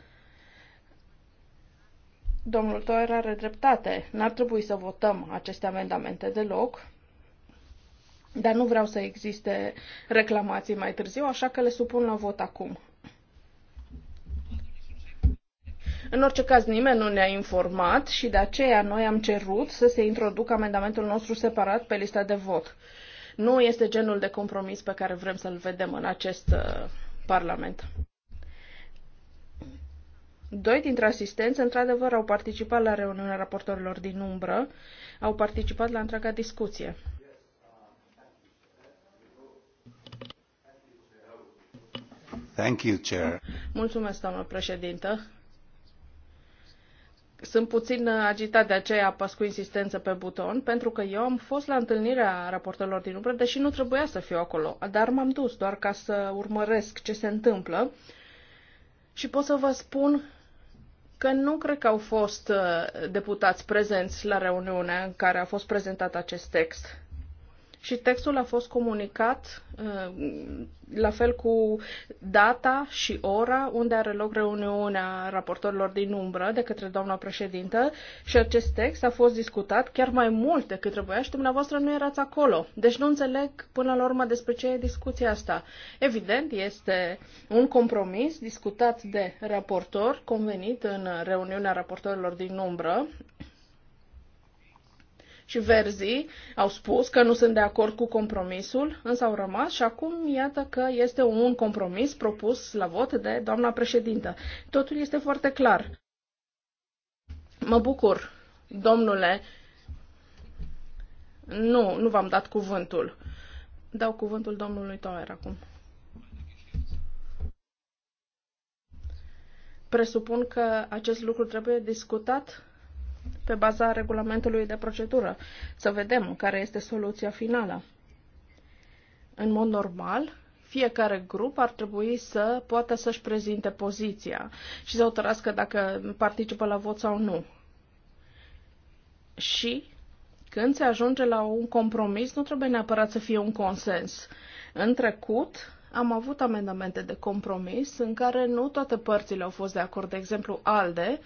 Domnul Toer are dreptate. N-ar trebui să votăm aceste amendamente deloc, dar nu vreau să existe reclamații mai târziu, așa că le supun la vot acum. În orice caz, nimeni nu ne-a informat și de aceea noi am cerut să se introducă amendamentul nostru separat pe lista de vot. Nu este genul de compromis pe care vrem să-l vedem în acest uh, Parlament. Doi dintre asistenți, într-adevăr, au participat la reuniunea raportorilor din umbră, au participat la întreaga discuție. Thank you, Chair. Mulțumesc, doamnă președintă. Sunt puțin uh, agitat de aceea apăs cu insistență pe buton, pentru că eu am fost la întâlnirea raportelor din umbră, deși nu trebuia să fiu acolo, dar m-am dus doar ca să urmăresc ce se întâmplă. Și pot să vă spun că nu cred că au fost uh, deputați prezenți la reuniunea în care a fost prezentat acest text și textul a fost comunicat uh, la fel cu data și ora unde are loc reuniunea raportorilor din umbră de către doamna președintă și acest text a fost discutat chiar mai mult decât trebuia și dumneavoastră nu erați acolo. Deci nu înțeleg până la urmă despre ce e discuția asta. Evident, este un compromis discutat de raportor, convenit în reuniunea raportorilor din umbră și verzii au spus că nu sunt de acord cu compromisul, însă au rămas și acum iată că este un compromis propus la vot de doamna președintă. Totul este foarte clar. Mă bucur, domnule. Nu, nu v-am dat cuvântul. Dau cuvântul domnului Toer acum. Presupun că acest lucru trebuie discutat pe baza regulamentului de procedură, să vedem care este soluția finală. În mod normal, fiecare grup ar trebui să poată să-și prezinte poziția și să hotărască dacă participă la vot sau nu. Și când se ajunge la un compromis, nu trebuie neapărat să fie un consens. În trecut, am avut amendamente de compromis în care nu toate părțile au fost de acord. De exemplu, ALDE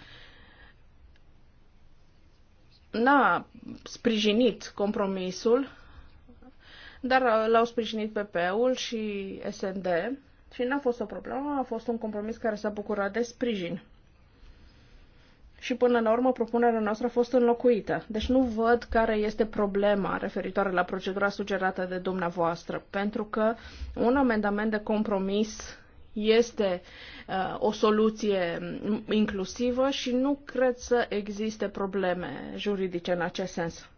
n-a sprijinit compromisul, dar uh, l-au sprijinit PP-ul și SND și n-a fost o problemă, a fost un compromis care s-a bucurat de sprijin. Și până la urmă propunerea noastră a fost înlocuită. Deci nu văd care este problema referitoare la procedura sugerată de dumneavoastră, pentru că un amendament de compromis este uh, o soluție inclusivă și nu cred să existe probleme juridice în acest sens.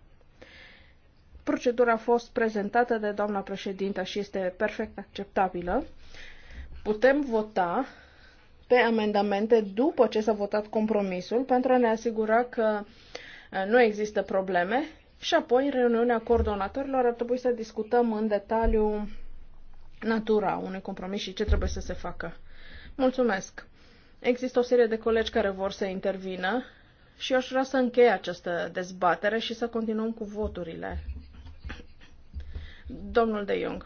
Procedura a fost prezentată de doamna președintă și este perfect acceptabilă. Putem vota pe amendamente după ce s-a votat compromisul pentru a ne asigura că uh, nu există probleme și apoi în reuniunea coordonatorilor ar trebui să discutăm în detaliu natura unui compromis și ce trebuie să se facă. Mulțumesc! Există o serie de colegi care vor să intervină și eu aș vrea să închei această dezbatere și să continuăm cu voturile. Domnul De Jong.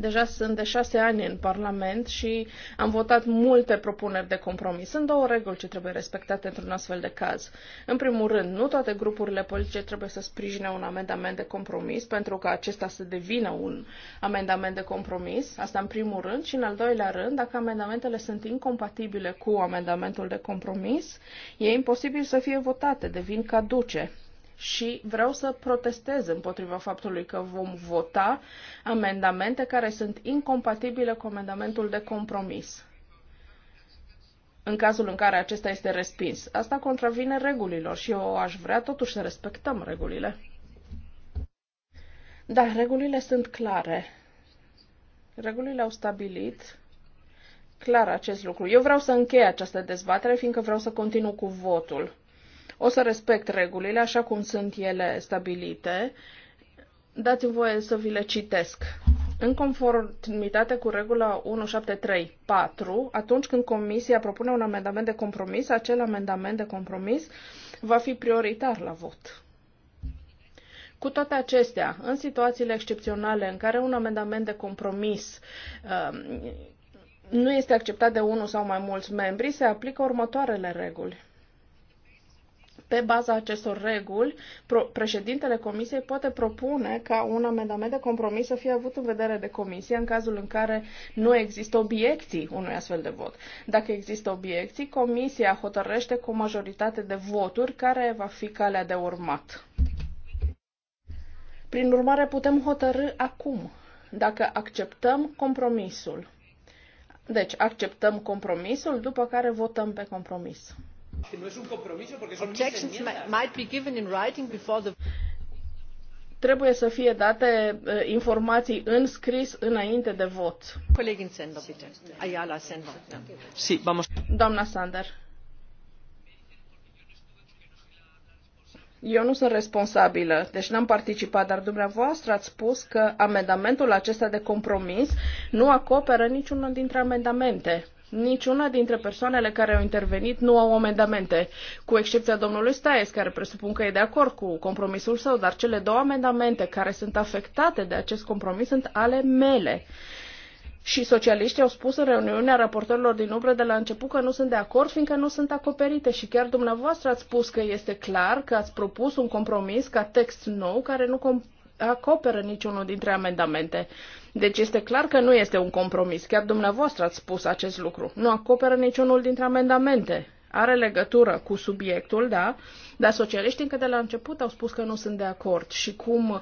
Deja sunt de șase ani în Parlament și am votat multe propuneri de compromis. Sunt două reguli ce trebuie respectate într-un astfel de caz. În primul rând, nu toate grupurile politice trebuie să sprijine un amendament de compromis pentru ca acesta să devină un amendament de compromis. Asta în primul rând. Și în al doilea rând, dacă amendamentele sunt incompatibile cu amendamentul de compromis, e imposibil să fie votate, devin caduce și vreau să protestez împotriva faptului că vom vota amendamente care sunt incompatibile cu amendamentul de compromis în cazul în care acesta este respins. Asta contravine regulilor și eu aș vrea totuși să respectăm regulile. Da, regulile sunt clare. Regulile au stabilit clar acest lucru. Eu vreau să închei această dezbatere, fiindcă vreau să continu cu votul. O să respect regulile așa cum sunt ele stabilite. Dați-mi voie să vi le citesc. În conformitate cu regula 1734, atunci când Comisia propune un amendament de compromis, acel amendament de compromis va fi prioritar la vot. Cu toate acestea, în situațiile excepționale în care un amendament de compromis uh, nu este acceptat de unul sau mai mulți membri, se aplică următoarele reguli. Pe baza acestor reguli, președintele Comisiei poate propune ca un amendament de compromis să fie avut în vedere de Comisie în cazul în care nu există obiecții unui astfel de vot. Dacă există obiecții, Comisia hotărăște cu o majoritate de voturi care va fi calea de urmat. Prin urmare, putem hotărâ acum dacă acceptăm compromisul. Deci, acceptăm compromisul, după care votăm pe compromis. Objections might be given in writing before the trebuie să fie date ă, informații în scris înainte de vot. Colegin Sender, bitte. Ayala Sender. Sí, vamos. Doamna Sander. Eu nu sunt responsabilă, deci n-am participat, dar dumneavoastră ați spus că amendamentul acesta de compromis nu acoperă niciunul dintre amendamente. Niciuna dintre persoanele care au intervenit nu au amendamente, cu excepția domnului Staes, care presupun că e de acord cu compromisul său, dar cele două amendamente care sunt afectate de acest compromis sunt ale mele. Și socialiștii au spus în reuniunea raportorilor din umbră de la început că nu sunt de acord, fiindcă nu sunt acoperite. Și chiar dumneavoastră ați spus că este clar că ați propus un compromis ca text nou care nu acoperă niciunul dintre amendamente. Deci este clar că nu este un compromis. Chiar dumneavoastră ați spus acest lucru. Nu acoperă niciunul dintre amendamente. Are legătură cu subiectul, da, dar socialiștii încă de la început au spus că nu sunt de acord și cum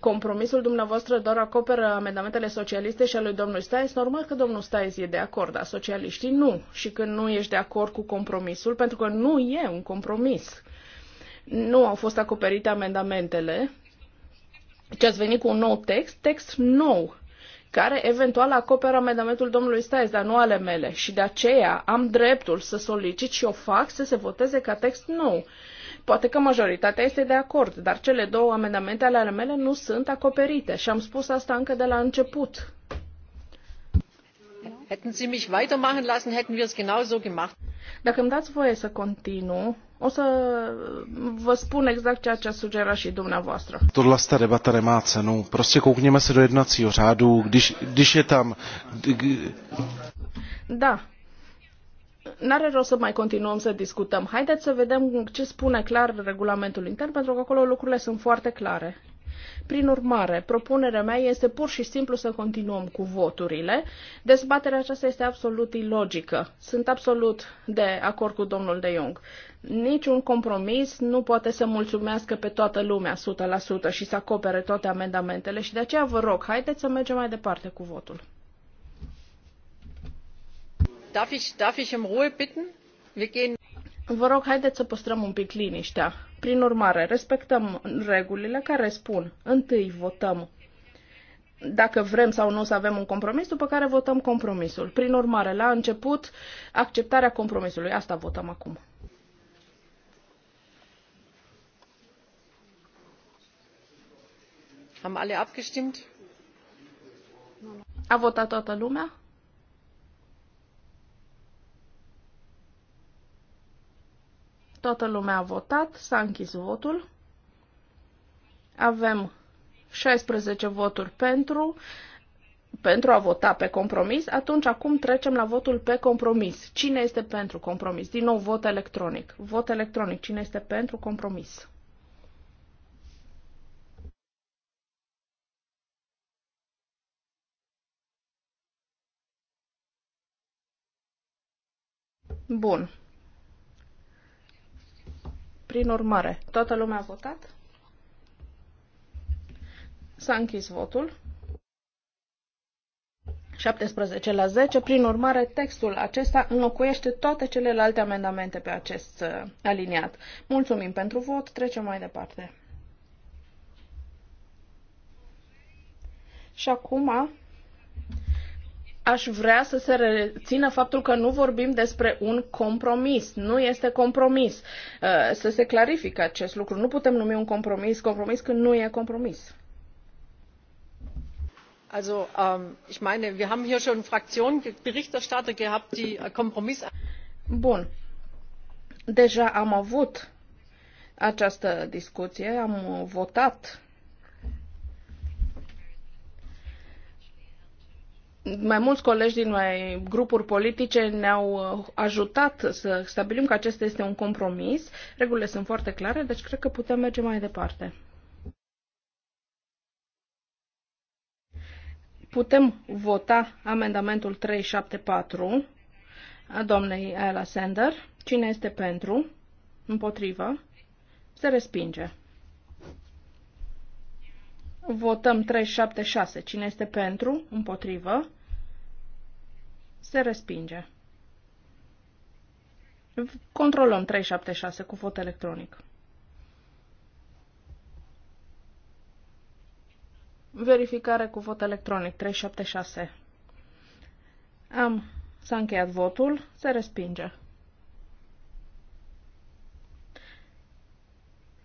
compromisul dumneavoastră doar acoperă amendamentele socialiste și al lui domnul Staes, normal că domnul Staes e de acord, dar socialiștii nu. Și când nu ești de acord cu compromisul, pentru că nu e un compromis. Nu au fost acoperite amendamentele, Ce deci ați venit cu un nou text, text nou care eventual acoperă amendamentul domnului Staes, dar nu ale mele. Și de aceea am dreptul să solicit și o fac să se voteze ca text nou. Poate că majoritatea este de acord, dar cele două amendamente ale, ale mele nu sunt acoperite și am spus asta încă de la început. Hätten Sie mich weitermachen lassen, hätten wir es genauso gemacht. Dacă îmi dați voie să continu, o să vă spun exact ceea ce a sugera și dumneavoastră. Tohle z té debata nemá cenu. Prostě koukněme se do jednacího řádu, když, když je tam... Da. N-are rost să mai continuăm să discutăm. Haideți să vedem ce spune clar regulamentul intern, pentru că acolo lucrurile sunt foarte clare. Prin urmare, propunerea mea este pur și simplu să continuăm cu voturile. Dezbaterea aceasta este absolut ilogică. Sunt absolut de acord cu domnul De Jong. Niciun compromis nu poate să mulțumească pe toată lumea 100% și să acopere toate amendamentele și de aceea vă rog, haideți să mergem mai departe cu votul. Darf ich, darf ich um Ruhe bitten? Wir gehen Vă rog, haideți să păstrăm un pic liniștea. Prin urmare, respectăm regulile care spun, întâi votăm dacă vrem sau nu să avem un compromis, după care votăm compromisul. Prin urmare, la început, acceptarea compromisului. Asta votăm acum. Am alle abgestimmt? A votat toată lumea? Toată lumea a votat, s-a închis votul. Avem 16 voturi pentru, pentru a vota pe compromis, atunci acum trecem la votul pe compromis. Cine este pentru compromis? Din nou vot electronic. Vot electronic. Cine este pentru compromis? Bun. Prin urmare, toată lumea a votat? S-a închis votul. 17 la 10. Prin urmare, textul acesta înlocuiește toate celelalte amendamente pe acest uh, aliniat. Mulțumim pentru vot. Trecem mai departe. Și acum aș vrea să se rețină faptul că nu vorbim despre un compromis. Nu este compromis. Uh, să se clarifice acest lucru. Nu putem numi un compromis compromis când nu e compromis. Also, um, ich meine, wir haben hier schon Fraktionen, Berichterstatter gehabt, die äh, Kompromiss. Bun. Deja am avut această discuție, am votat mai mulți colegi din mai grupuri politice ne-au uh, ajutat să stabilim că acesta este un compromis. Regulile sunt foarte clare, deci cred că putem merge mai departe. Putem vota amendamentul 374 a doamnei Ayala Sender. Cine este pentru? Împotrivă? Se respinge. Votăm 376. Cine este pentru? Împotrivă? Se respinge. Controlăm 376 cu vot electronic. Verificare cu vot electronic 376. Am. S-a încheiat votul. Se respinge.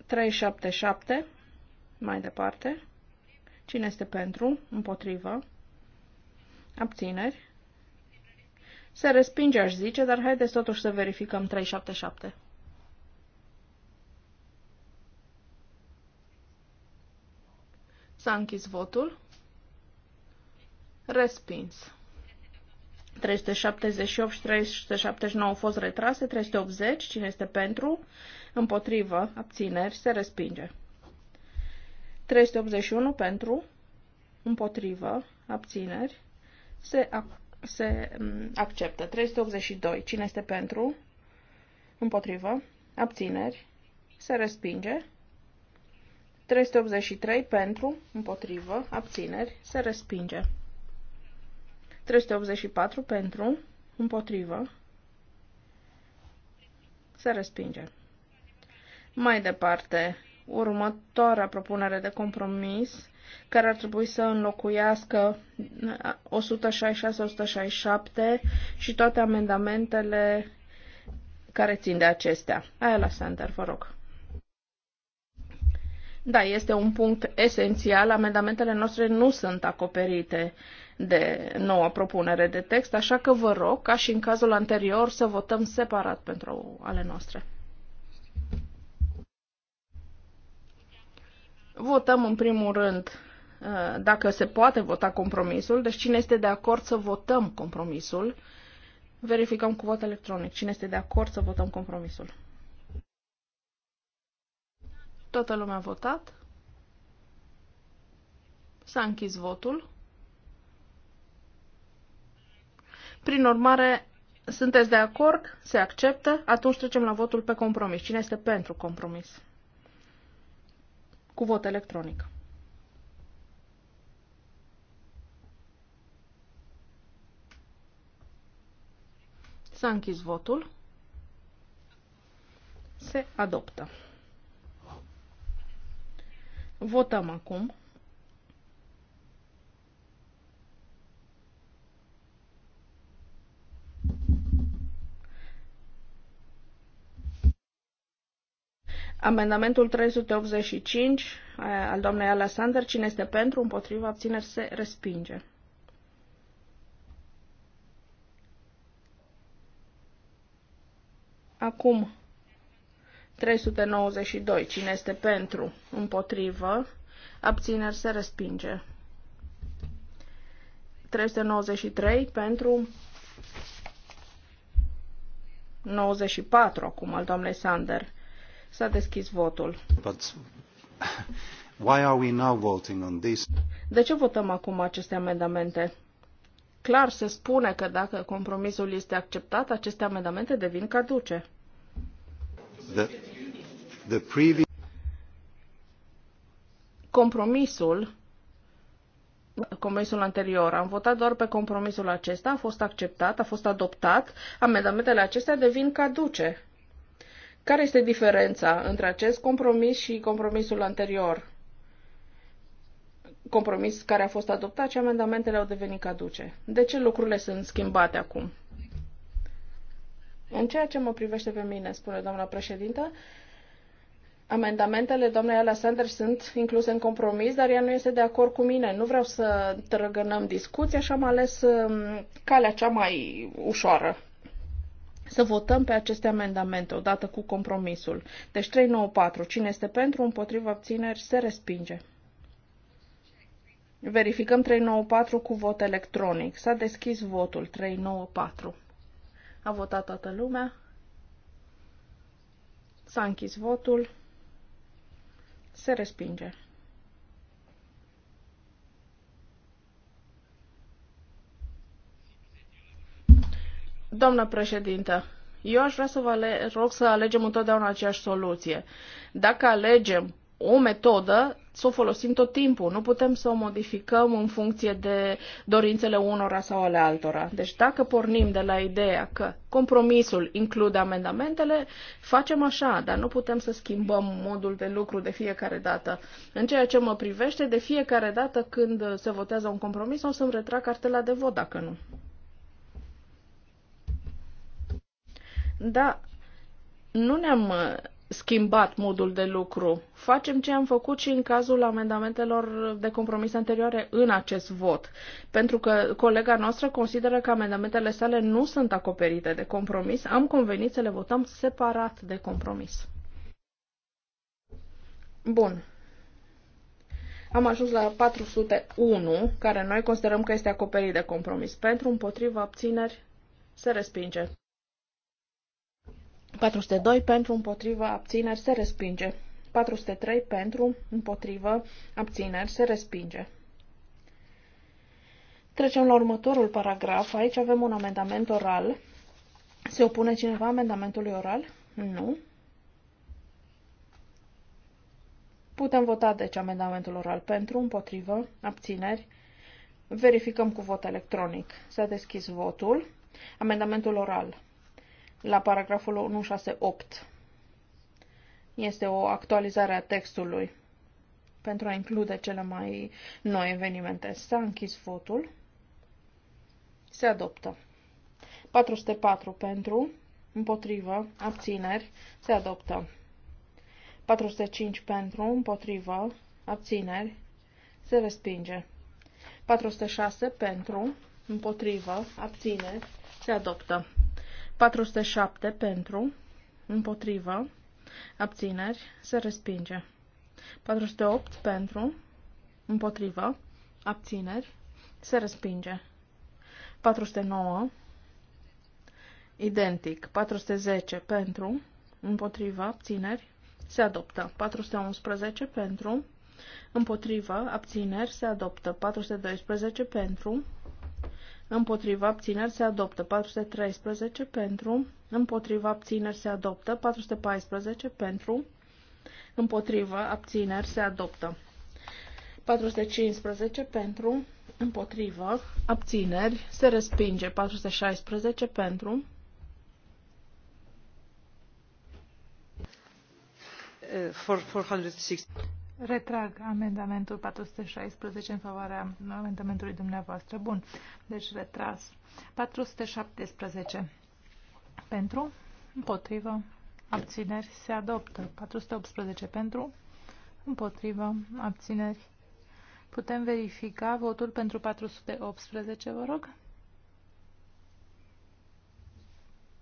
377. Mai departe. Cine este pentru? Împotrivă. Abțineri. Se respinge, aș zice, dar haideți totuși să verificăm 377. S-a închis votul. Respins. 378 și 379 au fost retrase, 380, cine este pentru, împotrivă, abțineri, se respinge. 381 pentru, împotrivă, abțineri, se se mm, acceptă. 382. Cine este pentru? Împotrivă. Abțineri. Se respinge. 383 pentru, împotrivă, abțineri, se respinge. 384 pentru, împotrivă, se respinge. Mai departe, următoarea propunere de compromis care ar trebui să înlocuiască 166-167 și toate amendamentele care țin de acestea. Aia la Sander, vă rog. Da, este un punct esențial. Amendamentele noastre nu sunt acoperite de noua propunere de text, așa că vă rog, ca și în cazul anterior, să votăm separat pentru ale noastre. Votăm în primul rând uh, dacă se poate vota compromisul, deci cine este de acord să votăm compromisul, verificăm cu vot electronic. Cine este de acord să votăm compromisul? Toată lumea a votat. S-a închis votul. Prin urmare, sunteți de acord? Se acceptă? Atunci trecem la votul pe compromis. Cine este pentru compromis? cu vot electronic. S-a închis votul. Se adoptă. Votăm acum Amendamentul 385 eh, al doamnei Alexander, cine este pentru, împotriva, abțineri, se respinge. Acum, 392. Cine este pentru, împotrivă, abțineri, se respinge. 393 pentru 94 acum al doamnei Sander. S-a deschis votul. But why are we now voting on this? De ce votăm acum aceste amendamente? Clar se spune că dacă compromisul este acceptat, aceste amendamente devin caduce. The, the previous... Compromisul compromisul anterior. Am votat doar pe compromisul acesta, a fost acceptat, a fost adoptat. Amendamentele acestea devin caduce. Care este diferența între acest compromis și compromisul anterior? Compromis care a fost adoptat și amendamentele au devenit caduce. De ce lucrurile sunt schimbate acum? În ceea ce mă privește pe mine, spune doamna președintă, amendamentele doamnei Alexander sunt incluse în compromis, dar ea nu este de acord cu mine. Nu vreau să trăgănăm discuția și am ales um, calea cea mai ușoară să votăm pe aceste amendamente odată cu compromisul. Deci 394. Cine este pentru, împotriva abțineri, se respinge. Verificăm 394 cu vot electronic. S-a deschis votul 394. A votat toată lumea. S-a închis votul. Se respinge. Doamnă președintă, eu aș vrea să vă ale- rog să alegem întotdeauna aceeași soluție. Dacă alegem o metodă, să o folosim tot timpul. Nu putem să o modificăm în funcție de dorințele unora sau ale altora. Deci dacă pornim de la ideea că compromisul include amendamentele, facem așa, dar nu putem să schimbăm modul de lucru de fiecare dată. În ceea ce mă privește, de fiecare dată când se votează un compromis, o să-mi retrag cartela de vot dacă nu. Da, nu ne-am uh, schimbat modul de lucru. Facem ce am făcut și în cazul amendamentelor de compromis anterioare în acest vot, pentru că colega noastră consideră că amendamentele sale nu sunt acoperite de compromis. Am convenit să le votăm separat de compromis. Bun. Am ajuns la 401, care noi considerăm că este acoperit de compromis. Pentru, împotriva, abțineri, se respinge. 402 pentru împotriva abțineri se respinge. 403 pentru împotriva abțineri se respinge. Trecem la următorul paragraf. Aici avem un amendament oral. Se opune cineva amendamentului oral? Nu. Putem vota deci amendamentul oral pentru, împotrivă, abțineri. Verificăm cu vot electronic. S-a deschis votul. Amendamentul oral la paragraful 168. Este o actualizare a textului pentru a include cele mai noi evenimente. S-a închis votul. Se adoptă. 404 pentru, împotrivă, abțineri, se adoptă. 405 pentru, împotrivă, abțineri, se respinge. 406 pentru, împotrivă, abțineri, se adoptă. 407 pentru, împotrivă, abțineri, se respinge. 408 pentru, împotrivă, abțineri, se respinge. 409, identic. 410 pentru, împotrivă, abțineri, se adoptă. 411 pentru, împotrivă, abțineri, se adoptă. 412 pentru, împotriva abțineri se adoptă 413 pentru, împotriva abțineri se adoptă 414 pentru, împotriva abțineri se adoptă 415 pentru, împotriva abțineri se respinge 416 pentru. Uh, eh, 460. Retrag amendamentul 416 în favoarea amendamentului dumneavoastră. Bun. Deci retras. 417. Pentru. Împotrivă. Abțineri. Se adoptă. 418 pentru. Împotrivă. Abțineri. Putem verifica votul pentru 418, vă rog.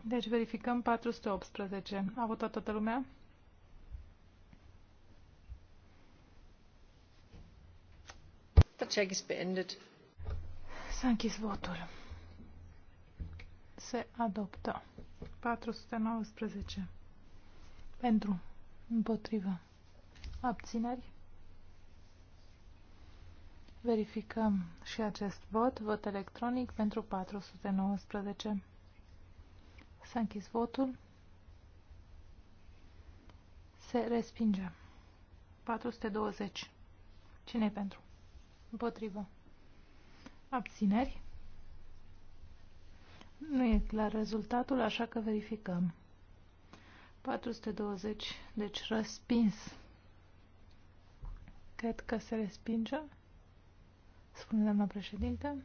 Deci verificăm 418. A votat toată lumea? Der check ist beendet. S-a închis votul. Se adoptă. 419. Pentru. Împotrivă. Abțineri. Verificăm și acest vot. Vot electronic pentru 419. S-a închis votul. Se respinge. 420. cine pentru? Împotrivă. Abțineri. Nu e clar rezultatul, așa că verificăm. 420, deci răspins. Cred că se respinge, spune doamna președinte.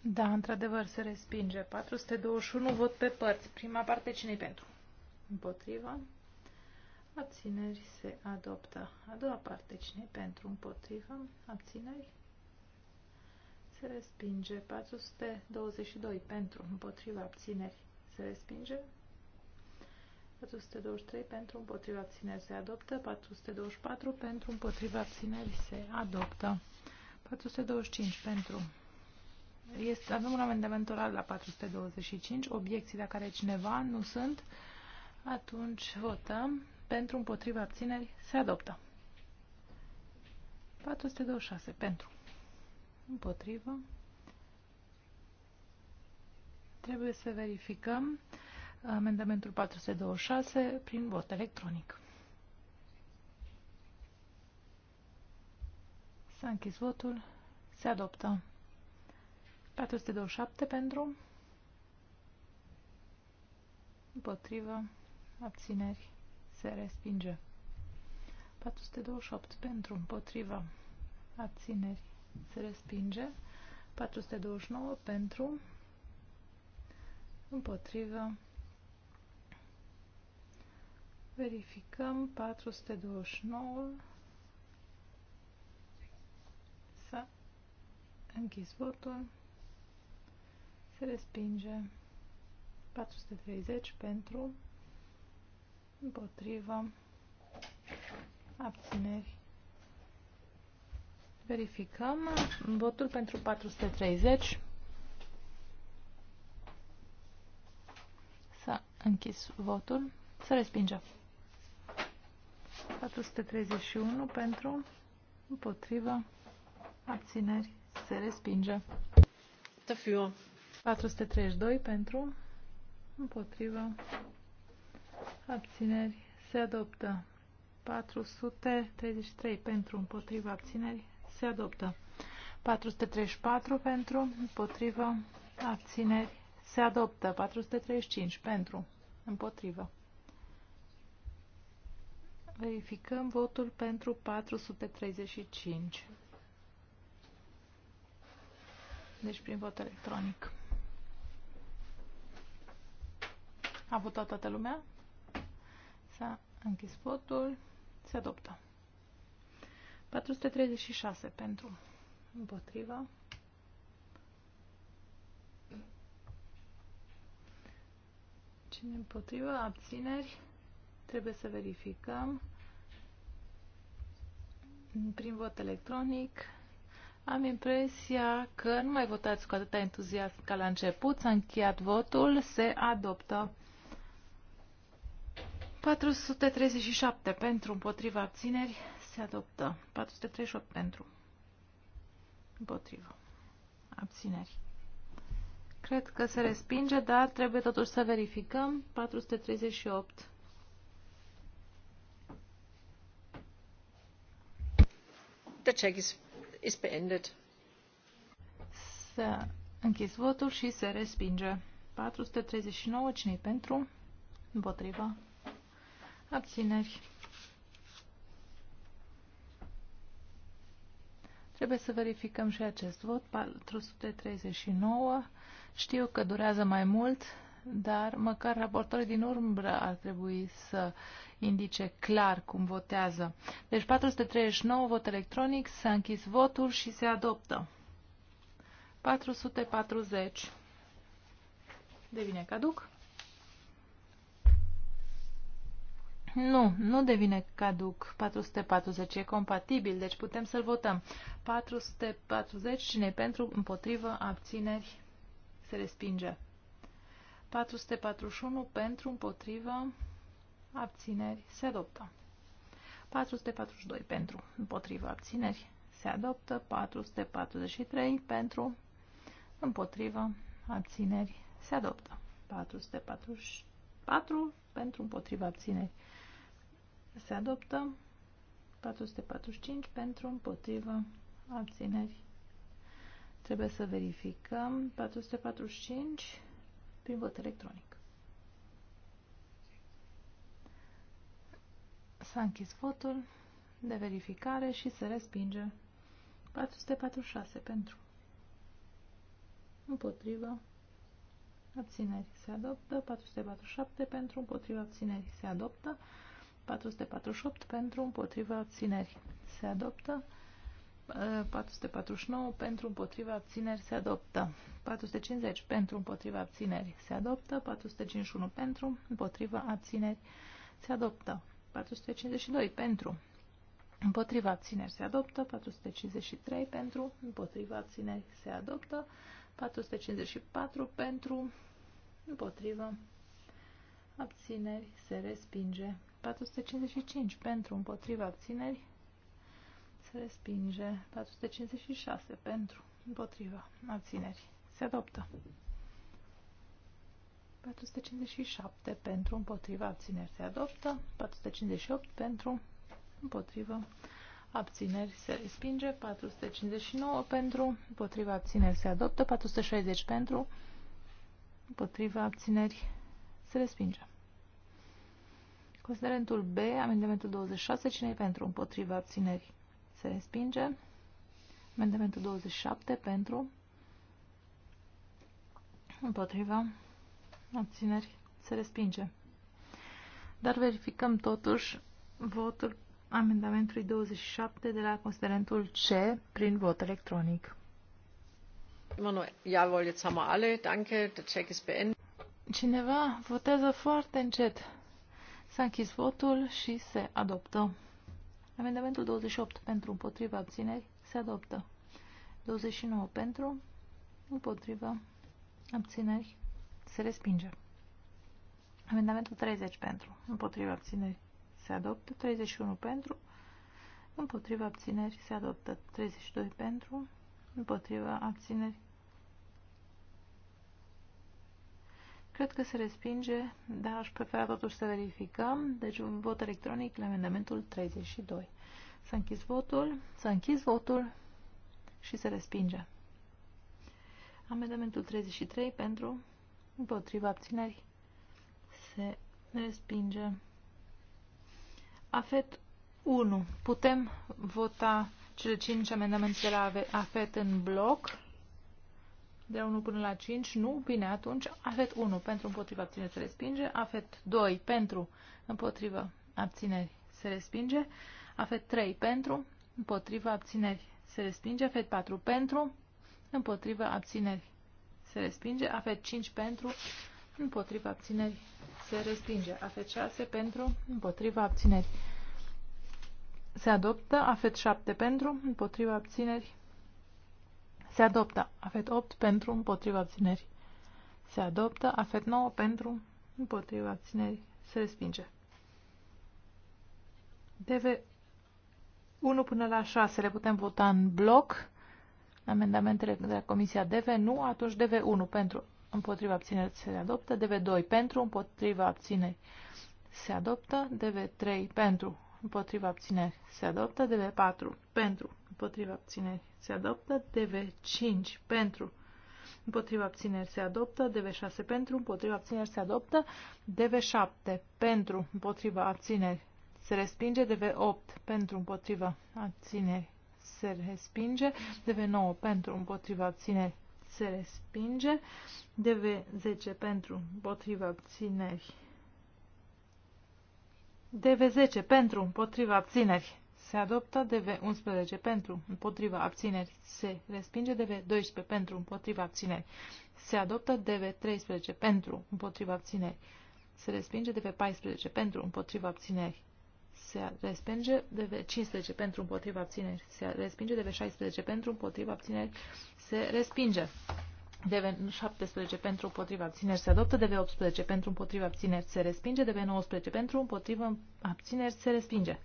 Da, într-adevăr se respinge. 421 vot pe părți. Prima parte cine pentru? Împotriva abțineri se adoptă. A doua parte, cine pentru, împotrivă, abțineri se respinge. 422 pentru, împotrivă, abțineri se respinge. 423 pentru, împotriva abțineri se adoptă. 424 pentru, împotriva abțineri se adoptă. 425 pentru. Este, avem un amendament oral la 425. Obiecții la care cineva nu sunt. Atunci votăm pentru, împotriva, abțineri, se adoptă. 426 pentru, împotrivă. Trebuie să verificăm amendamentul 426 prin vot electronic. S-a închis votul. Se adoptă. 427 pentru. Împotrivă. Abțineri se respinge. 428 pentru, împotriva, abțineri, se respinge. 429 pentru, împotriva, verificăm, 429, s-a închis votul, se respinge, 430 pentru, împotrivă, abțineri. Verificăm votul pentru 430. S-a închis votul. Să respingem. 431 pentru, împotrivă, abțineri, se respinge. 432 pentru, împotrivă, abțineri, se adoptă. 433 pentru, împotriva, abțineri, se adoptă. 434 pentru, împotriva, abțineri, se adoptă. 435 pentru, împotriva. Verificăm votul pentru 435. Deci prin vot electronic. A votat toată lumea? S-a închis votul. Se adoptă. 436 pentru. Împotriva. Cine împotrivă? Abțineri. Trebuie să verificăm. Prin vot electronic. Am impresia că nu mai votați cu atâta entuziasm ca la început. S-a încheiat votul. Se adoptă. 437 pentru, împotriva abțineri, se adoptă. 438 pentru, împotriva abțineri. Cred că se respinge, dar trebuie totuși să verificăm. 438. The check is, is beendet. Se închis votul și se respinge. 439, cine pentru? Împotriva. Abțineri. Trebuie să verificăm și acest vot, 439. Știu că durează mai mult, dar măcar raportorii din urmă ar trebui să indice clar cum votează. Deci 439 vot electronic, s-a închis votul și se adoptă. 440 devine caduc. Nu, nu devine caduc. 440 e compatibil, deci putem să-l votăm. 440, cine pentru, împotrivă, abțineri, se respinge. 441 pentru, împotrivă, abțineri, se adoptă. 442 pentru, împotrivă, abțineri, se adoptă. 443 pentru, împotrivă, abțineri, se adoptă. 444 pentru, împotrivă, abțineri, se adoptă. 445 pentru, împotrivă, abțineri. Trebuie să verificăm. 445 prin vot electronic. S-a închis votul de verificare și se respinge 446 pentru. Împotrivă. Abțineri se adoptă. 447 pentru. Împotrivă abținerii se adoptă. 448 pentru împotriva abțineri se adoptă. 449 uh, pentru împotriva abțineri se adoptă. 450 pentru împotriva abțineri se adoptă. 451 pentru împotriva abțineri se adoptă. 452 pentru împotriva abțineri se adoptă. 453 pentru împotriva abțineri se adoptă. 454 pentru împotriva abțineri se respinge. 455 pentru împotriva abțineri se respinge. 456 pentru împotriva abțineri se adoptă. 457 pentru împotriva abțineri se adoptă. 458 pentru împotriva abțineri se respinge. 459 pentru împotriva abțineri se adoptă. 460 pentru împotriva abțineri se respinge. Considerentul B, amendamentul 26, cine e pentru? Împotriva abțineri se respinge. Amendamentul 27, pentru. Împotriva abțineri se respinge. Dar verificăm totuși votul amendamentului 27 de la considerentul C prin vot electronic. Cineva votează foarte încet. S-a închis votul și se adoptă. Amendamentul 28 pentru împotriva abțineri se adoptă. 29 pentru împotriva abțineri se respinge. Amendamentul 30 pentru împotriva abțineri se adoptă. 31 pentru împotriva abțineri se adoptă. 32 pentru împotriva abțineri Cred că se respinge, dar aș prefera totuși să verificăm. Deci un vot electronic la amendamentul 32. S-a închis votul, s-a închis votul și se respinge. Amendamentul 33 pentru, împotriva abțineri, se respinge. AFET 1. Putem vota cele 5 amendamente la AFET în bloc de 1 până la 5, nu, bine, atunci afet 1 pentru împotriva abțineri se respinge, afet 2 pentru împotriva abțineri se respinge, afet 3 pentru împotriva abțineri se respinge, afet 4 pentru împotriva abțineri se respinge, afet 5 pentru împotriva abțineri se respinge, afet 6 pentru împotriva abțineri se adoptă, afet 7 pentru împotriva abțineri se adoptă. Afet 8 pentru împotriva abținerii. Se adoptă. Afet 9 pentru împotriva abținerii. Se respinge. DV 1 până la 6 le putem vota în bloc. Amendamentele de la Comisia DV nu, atunci DV 1 pentru împotriva abținerii se adoptă, DV2 pentru împotriva abținerii se adoptă, DV3 pentru împotriva abținerii se adoptă, DV4 pentru împotriva abțineri se adoptă, DV5 pentru împotriva abțineri se adoptă, DV6 pentru împotriva abțineri se adoptă, DV7 pentru împotriva abțineri se respinge, DV8 pentru împotriva abțineri se respinge, DV9 pentru împotriva abțineri se respinge, DV10 pentru împotriva abțineri DV10 pentru împotriva abțineri se adoptă, de v 11 pentru, împotriva abțineri se respinge, de v 12 pentru, împotriva abțineri se adoptă, de v 13 pentru, împotriva abțineri se respinge, de v 14 pentru, împotriva abțineri se respinge, de v 15 pentru, împotriva abțineri se respinge, de v 16 pentru, împotriva abțineri se respinge. DV17 pentru împotriva abțineri se adoptă, DV18 pentru împotriva abțineri se respinge, DV19 pentru împotriva abțineri se respinge.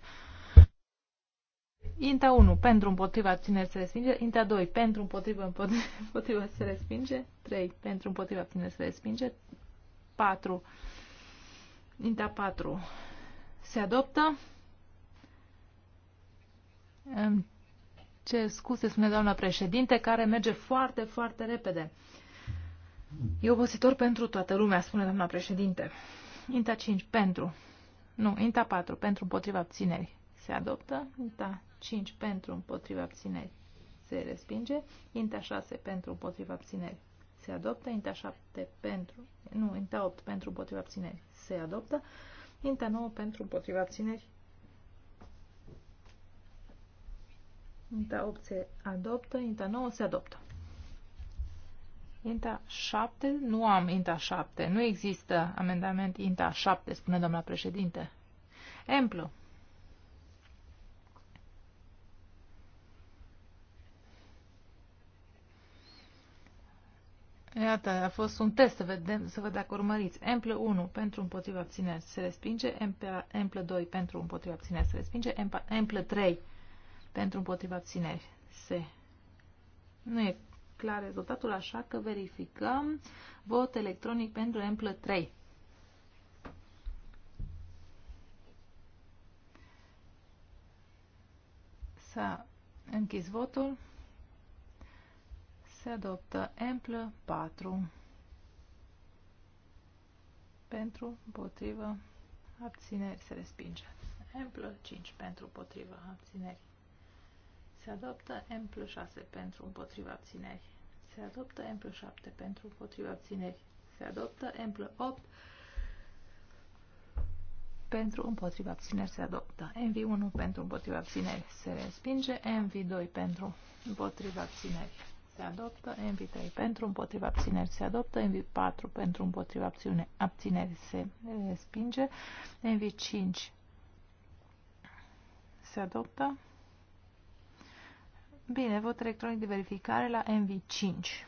Inta 1 pentru împotriva ține se respinge. Inta 2 pentru împotriva împotriva se respinge. 3 pentru împotriva ține se respinge. 4 Inta 4 se adoptă. Ce scuze, spune doamna președinte, care merge foarte, foarte repede. E obositor pentru toată lumea, spune doamna președinte. Inta 5 pentru. Nu, Inta 4 pentru împotriva abținerii se adoptă, INTA 5 pentru împotriva abțineri se respinge, INTA 6 pentru împotriva abțineri se adoptă, INTA 7 pentru, nu, INTA 8 pentru împotriva abțineri se adoptă, INTA 9 pentru împotriva abțineri INTA 8 se adoptă, INTA 9 se adoptă. INTA 7? Nu am INTA 7. Nu există amendament INTA 7, spune doamna președinte. Emplu. Iată, a fost un test să, vedem, să văd dacă urmăriți. Emplă 1 pentru împotriva abțineri se respinge, Emplă 2 pentru împotriva abțineri se respinge, Emplă 3 pentru împotriva abțineri se... Nu e clar rezultatul, așa că verificăm vot electronic pentru Emplă 3. S-a închis votul. Se adoptă amplă 4 pentru, împotrivă, abțineri, se respinge. Amplă 5 pentru, împotrivă, abțineri. Se adoptă amplă 6 pentru, împotrivă, abțineri. Se adoptă amplă 7 pentru, împotrivă, abțineri. Se adoptă amplă 8 pentru împotriva abțineri se adoptă. MV1 pentru împotriva abțineri se respinge. MV2 pentru împotriva abțineri se adoptă, MV3 pentru, împotriva abțineri se adoptă, MV4 pentru, împotriva abține, abțineri se respinge, MV5 se adoptă. Bine, vot electronic de verificare la MV5.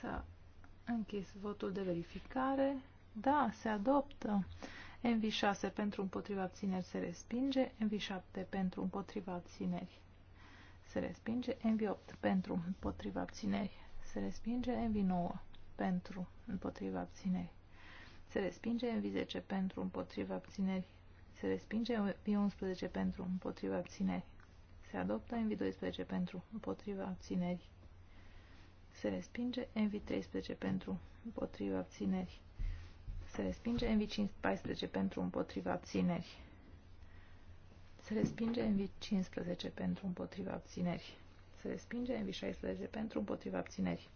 Să închis votul de verificare. Da, se adoptă. MV6 pentru împotriva abțineri se respinge, MV7 pentru împotriva abțineri se respinge, MV8 pentru împotriva abțineri se respinge, MV9 pentru împotriva abțineri se respinge, MV10 pentru împotriva abțineri se respinge, MV11 pentru împotriva abțineri se adoptă, MV12 pentru împotriva abțineri se respinge, MV13 pentru împotriva abțineri se respinge, nv 15 pentru împotriva abțineri, se respinge, NV15 pentru împotriva abțineri, se respinge, NV16 pentru împotriva abțineri,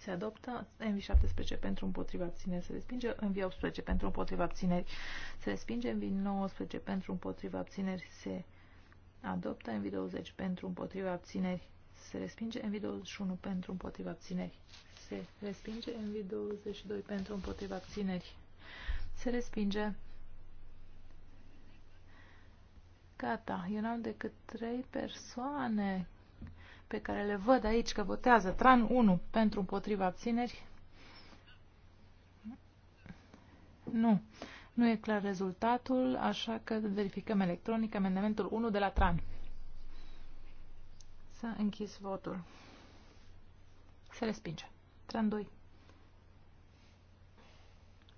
se adoptă, NV17 pentru împotriva abțineri, se respinge, NV18 pentru împotriva abțineri, se respinge, NV19 pentru împotriva abțineri, se adoptă, NV20 pentru împotriva abțineri, se respinge, NV21 pentru împotriva abțineri, se respinge, NV22 pentru împotriva abțineri se respinge. Gata, n-am decât trei persoane pe care le văd aici că votează TRAN 1 pentru împotriva abțineri. Nu, nu e clar rezultatul, așa că verificăm electronic amendamentul 1 de la TRAN. S-a închis votul. Se respinge. Tran 2.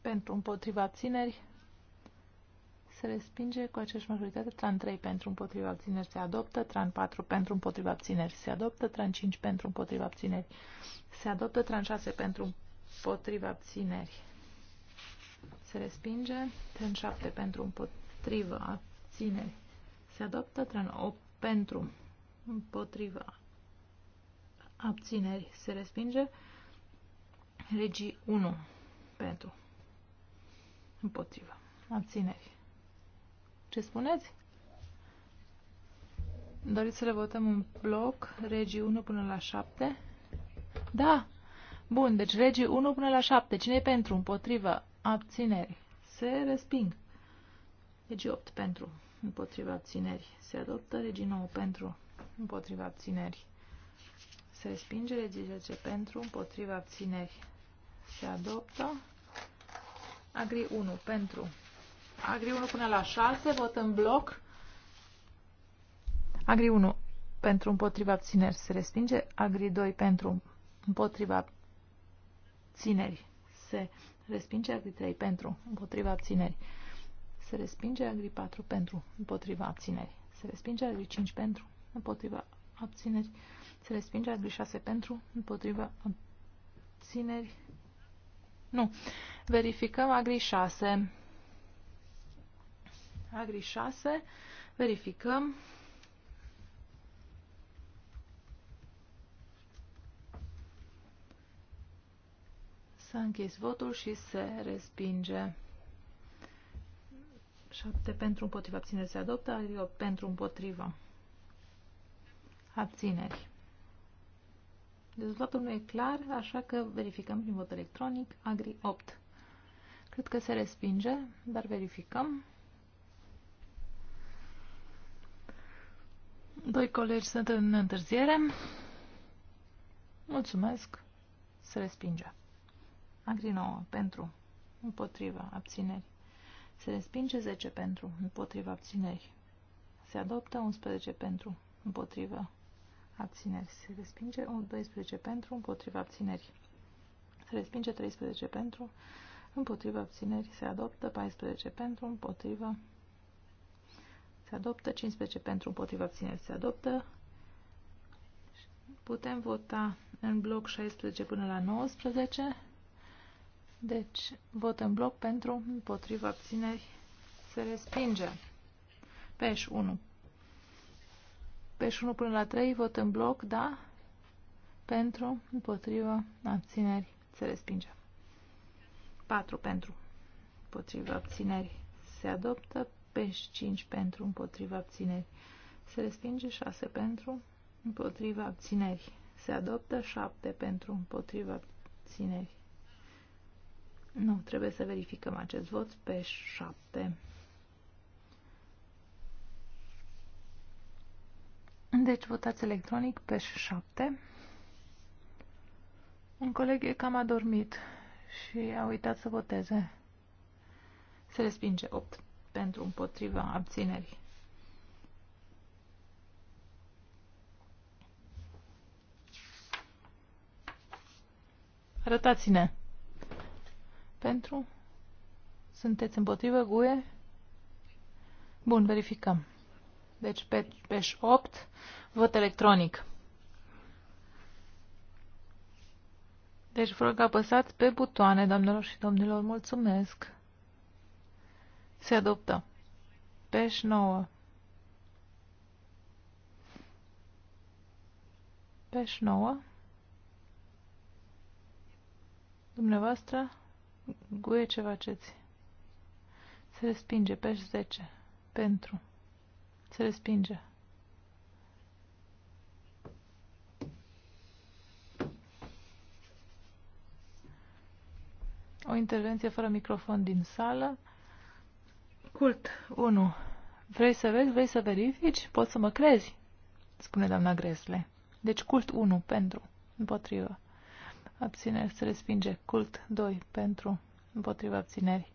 Pentru împotriva abțineri se respinge cu aceeași majoritate. Tran 3 pentru împotriva abțineri se adoptă. Tran 4 pentru împotriva abțineri se adoptă. Tran 5 pentru împotriva abțineri se adoptă. Tran 6 pentru împotriva abțineri se respinge. Tran 7 pentru împotriva abțineri se adoptă. Tran 8 pentru împotriva abțineri se respinge. Regii 1. Pentru. împotriva Abțineri. Ce spuneți? Doriți să le votăm în bloc, regii 1 până la 7? Da! Bun, deci regii 1 până la 7. cine e pentru? împotriva Abțineri. Se resping. Regii 8 pentru. Împotriva abțineri. Se adoptă. Regii 9 pentru. Împotriva abțineri. Se respinge. Regii 10 pentru. Împotriva abțineri și adoptă. Agri 1 pentru. Agri 1 până la 6, vot în bloc. Agri 1 pentru împotriva abțineri se respinge. Agri 2 pentru împotriva abțineri se respinge. Agri 3 pentru împotriva abțineri se respinge. Agri 4 pentru împotriva abțineri se respinge. Agri 5 pentru împotriva abțineri se respinge. Agri 6 pentru împotriva abțineri nu. Verificăm Agri 6. Agri 6. Verificăm. S-a închis votul și se respinge. 7 pentru împotriva abțineri se adoptă, Agri 8 pentru împotriva abțineri. Rezultatul nu e clar, așa că verificăm prin vot electronic. Agri 8. Cred că se respinge, dar verificăm. Doi colegi sunt în întârziere. Mulțumesc. Se respinge. Agri 9 pentru, împotriva, abțineri. Se respinge 10 pentru, împotriva, abțineri. Se adoptă 11 pentru, împotriva, abțineri se respinge, 12 pentru, împotriva abțineri se respinge, 13 pentru, împotriva abțineri se adoptă, 14 pentru, împotriva se adoptă, 15 pentru, împotriva abțineri se adoptă. Putem vota în bloc 16 până la 19. Deci, vot în bloc pentru, împotriva abțineri se respinge. Peș 1 pe deci, 1 până la 3, vot în bloc, da? Pentru, împotrivă, abțineri, se respinge. 4 pentru, împotrivă, abțineri, se adoptă. Pe 5 pentru, împotrivă, abțineri, se respinge. 6 pentru, împotrivă, abțineri, se adoptă. 7 pentru, împotrivă, abțineri. Nu, trebuie să verificăm acest vot pe 7. Deci votați electronic pe 7. Un coleg e cam adormit și a uitat să voteze. Se respinge 8 pentru împotriva abținerii. Arătați-ne. Pentru? Sunteți împotrivă, Guie? Bun, verificăm. Deci pe PEș 8, vot electronic. Deci vă rog apăsați pe butoane, doamnelor și domnilor. Mulțumesc. Se adoptă. PEș 9. PEș 9. Dumneavoastră, guie ce faceți? Se respinge PEș 10. Pentru. Se respinge. O intervenție fără microfon din sală. Cult 1. Vrei să vezi? Vrei să verifici? Poți să mă crezi? Spune doamna Gresle. Deci cult 1 pentru. Împotrivă. Abțineri. Se respinge. Cult 2 pentru. Împotrivă abțineri.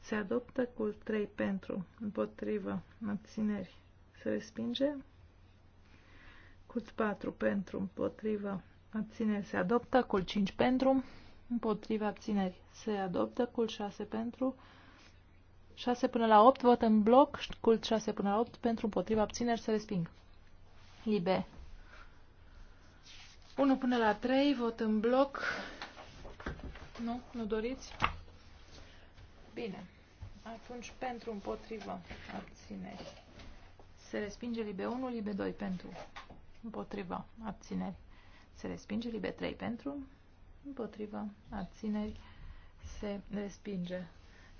Se adoptă cult 3 pentru. Împotrivă abțineri se respinge. Cult 4 pentru, împotriva, abțineri se adoptă. cul 5 pentru, împotriva, abțineri se adoptă. cul 6 pentru, 6 până la 8, vot în bloc. Cult 6 până la 8 pentru, împotriva, abțineri se resping. Libe. 1 până la 3, vot în bloc. Nu? Nu doriți? Bine. Atunci pentru împotrivă abțineri. Se respinge libe 1, libe 2 pentru. Împotriva. Abțineri. Se respinge libe 3 pentru. Împotriva. Abțineri. Se respinge.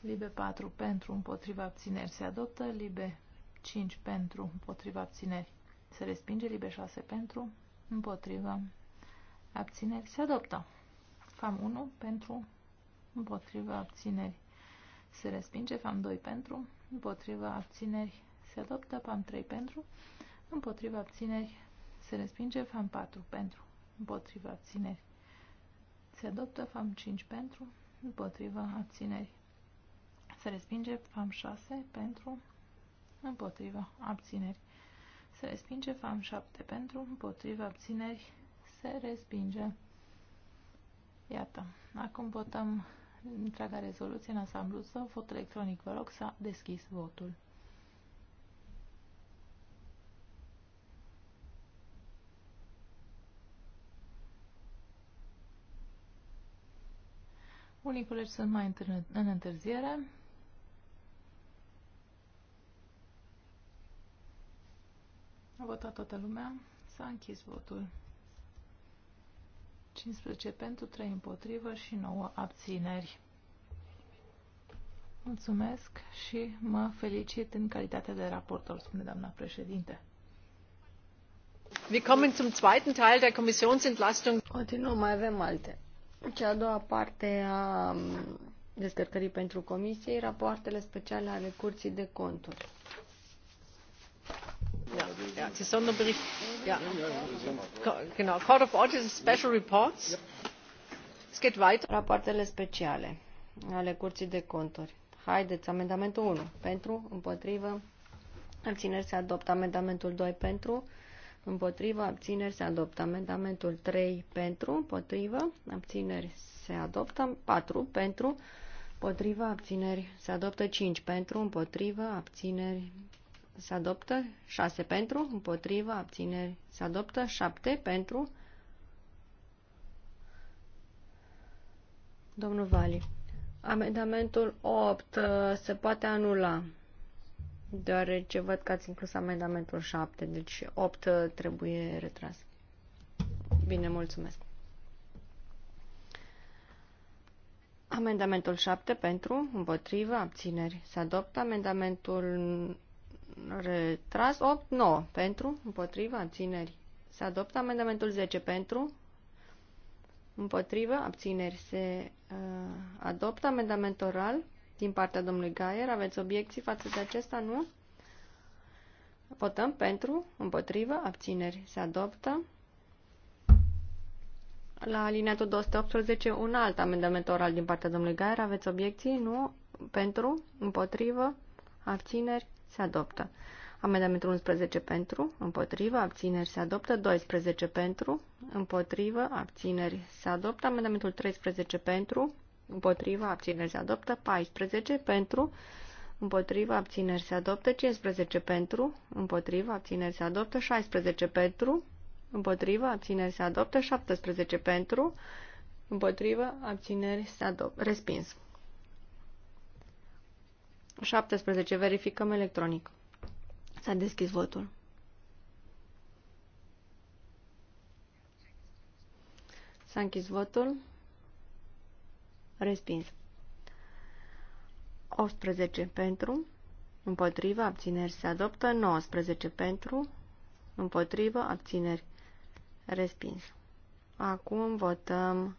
Libe 4 pentru. Împotriva. Abțineri. Se adoptă. Libe 5 pentru. Împotriva. Abțineri. Se respinge. Libe 6 pentru. Împotriva. Abțineri. Se adoptă. FAM 1 pentru. Împotriva. Abțineri. Se respinge. FAM 2 pentru. Împotriva. Abțineri se adoptă, PAM 3 pentru, împotriva abțineri se respinge, PAM 4 pentru, împotriva abțineri se adoptă, PAM 5 pentru, împotriva abțineri se respinge, PAM 6 pentru, împotriva abțineri se respinge, PAM 7 pentru, împotriva abțineri se respinge. Iată, acum votăm întreaga rezoluție în ansamblu sau vot electronic. Vă rog să deschis votul. Unii colegi sunt mai în întârziere. A votat toată lumea. S-a închis votul. 15 pentru, 3 împotrivă și 9 abțineri. Mulțumesc și mă felicit în calitate de raportor, spune doamna președinte. Wir kommen zum zweiten Teil der Kommissionsentlastung. Continuăm, mai avem alte. Cea a doua parte a um, descărcării pentru comisie, rapoartele speciale ale Curții de Conturi. Ja, ja, Sie Sonderbericht. Ja. Genau, Court of Auditors Special Reports. Es geht weiter. Rapoartele speciale ale Curții de Conturi. Haideți, amendamentul 1. Pentru, împotrivă, abțineri se adoptă. Amendamentul 2 pentru, împotrivă, abțineri, se adoptă. Amendamentul 3 pentru, împotrivă, abțineri, se adoptă. 4 pentru, împotrivă, abțineri, se adoptă. 5 pentru, împotrivă, abțineri, se adoptă. 6 pentru, împotrivă, abțineri, se adoptă. 7 pentru, domnul Vali. Amendamentul 8 uh, se poate anula deoarece văd că ați inclus amendamentul 7, deci 8 uh, trebuie retras. Bine, mulțumesc. Amendamentul 7 pentru, împotrivă, abțineri. Se adoptă amendamentul retras 8, 9 pentru, împotrivă, abțineri. Se adoptă amendamentul 10 pentru, împotrivă, abțineri. Se uh, adoptă amendamentul oral din partea domnului Gaier. Aveți obiecții față de acesta? Nu? Votăm pentru, împotrivă, abțineri. Se adoptă. La alineatul 218, un alt amendament oral din partea domnului Gaier. Aveți obiecții? Nu? Pentru, împotrivă, abțineri. Se adoptă. Amendamentul 11 pentru, împotrivă, abțineri se adoptă, 12 pentru, împotrivă, abțineri se adoptă, amendamentul 13 pentru, împotriva, abțineri se adoptă, 14 pentru, împotriva, abțineri se adoptă, 15 pentru, împotriva, abțineri se adoptă, 16 pentru, împotriva, abțineri se adoptă, 17 pentru, împotriva, abțineri se adoptă, respins. 17. Verificăm electronic. S-a deschis votul. S-a închis votul. Respins. 18 pentru, împotrivă, abțineri se adoptă. 19 pentru, împotrivă, abțineri. Respins. Acum votăm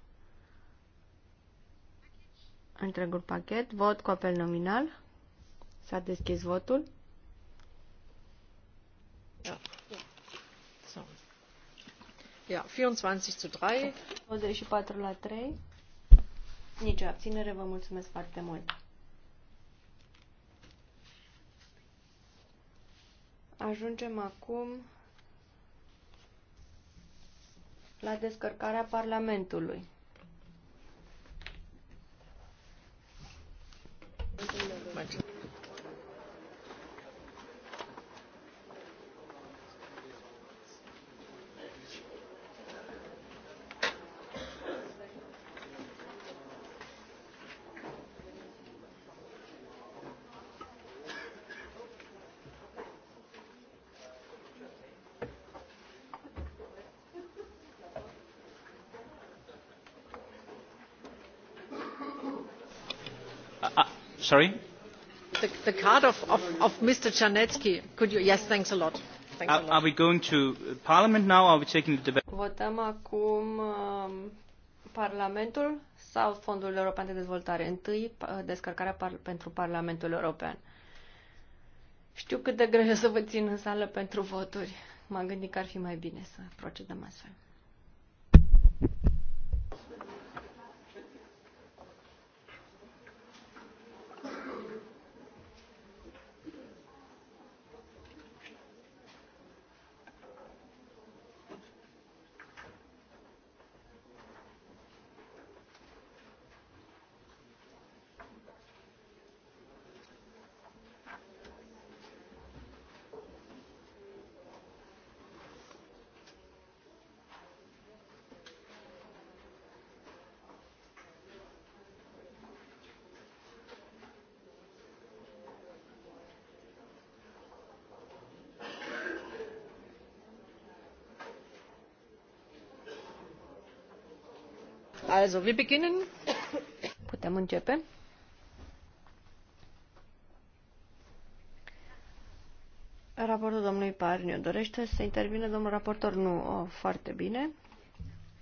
întregul pachet. Vot cu apel nominal. S-a deschis votul. Ja. 24 zu 3. 24 la 3 o abținere, vă mulțumesc foarte mult. Ajungem acum la descărcarea Parlamentului. Mulțumesc. The, card of, Mr. Czarnecki. Could you? Yes, thanks a lot. are, we going to Parliament now? Are we taking the debate? Votăm acum um, Parlamentul sau Fondul European de Dezvoltare. Întâi, uh, descărcarea par pentru Parlamentul European. Știu cât de greu să vă țin în sală pentru voturi. M-am gândit că ar fi mai bine să procedăm astfel. Also, wir beginnen. Putem începe. Raportul domnului Parniu dorește să intervine domnul raportor? Nu. Oh, foarte bine.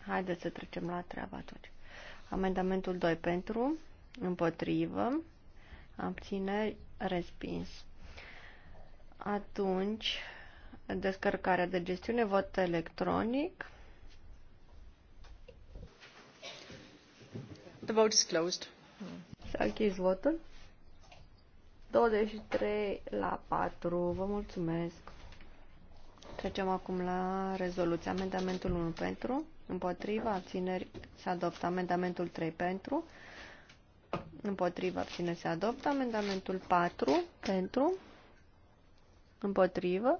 Haideți să trecem la treabă atunci. Amendamentul 2 pentru, împotrivă, abțineri, respins. Atunci, descărcarea de gestiune, vot electronic. The vote is closed. S-a închis votul. 23 la 4. Vă mulțumesc. Trecem acum la rezoluție. Amendamentul 1 pentru, împotriva, abțineri, se adoptă. Amendamentul 3 pentru, împotriva, abțineri, se adoptă. Amendamentul 4 pentru, împotrivă,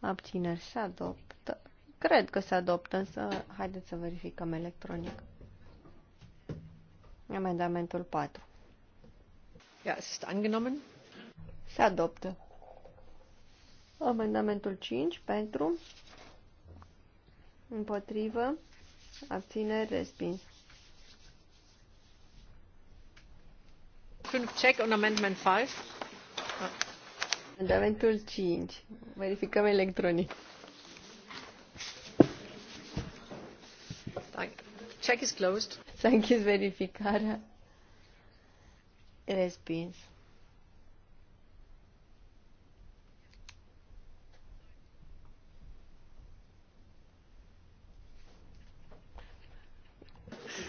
abțineri, se adoptă. Cred că se adoptă, însă haideți să verificăm electronic. Amendamentul 4. Ja, es ist angenommen. Se adoptă. Amendamentul 5 pentru, împotrivă, abțineri, respins. 5 check on amendment 5. Amendamentul 5. Verificăm electronic. Check is closed. S-a închis verificarea. Respins.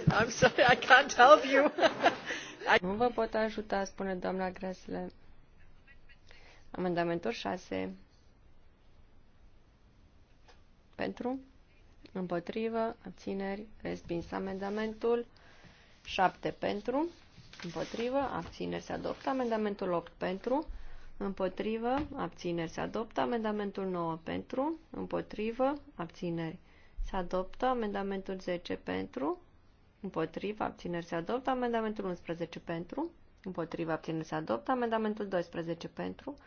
I'm sorry, I can't help you. I... Nu vă pot ajuta, spune doamna Gresle. Amendamentul 6. Pentru? Împotrivă, abțineri, respins. Amendamentul 7 pentru, împotrivă, abțineri se adoptă. Amendamentul 8 pentru, împotrivă, abțineri se adoptă. Amendamentul 9 pentru, împotrivă, abțineri se adoptă. Amendamentul 10 pentru, împotrivă, abțineri se adoptă. Amendamentul 11 pentru, împotrivă, abțineri se adoptă. Amendamentul 12 pentru,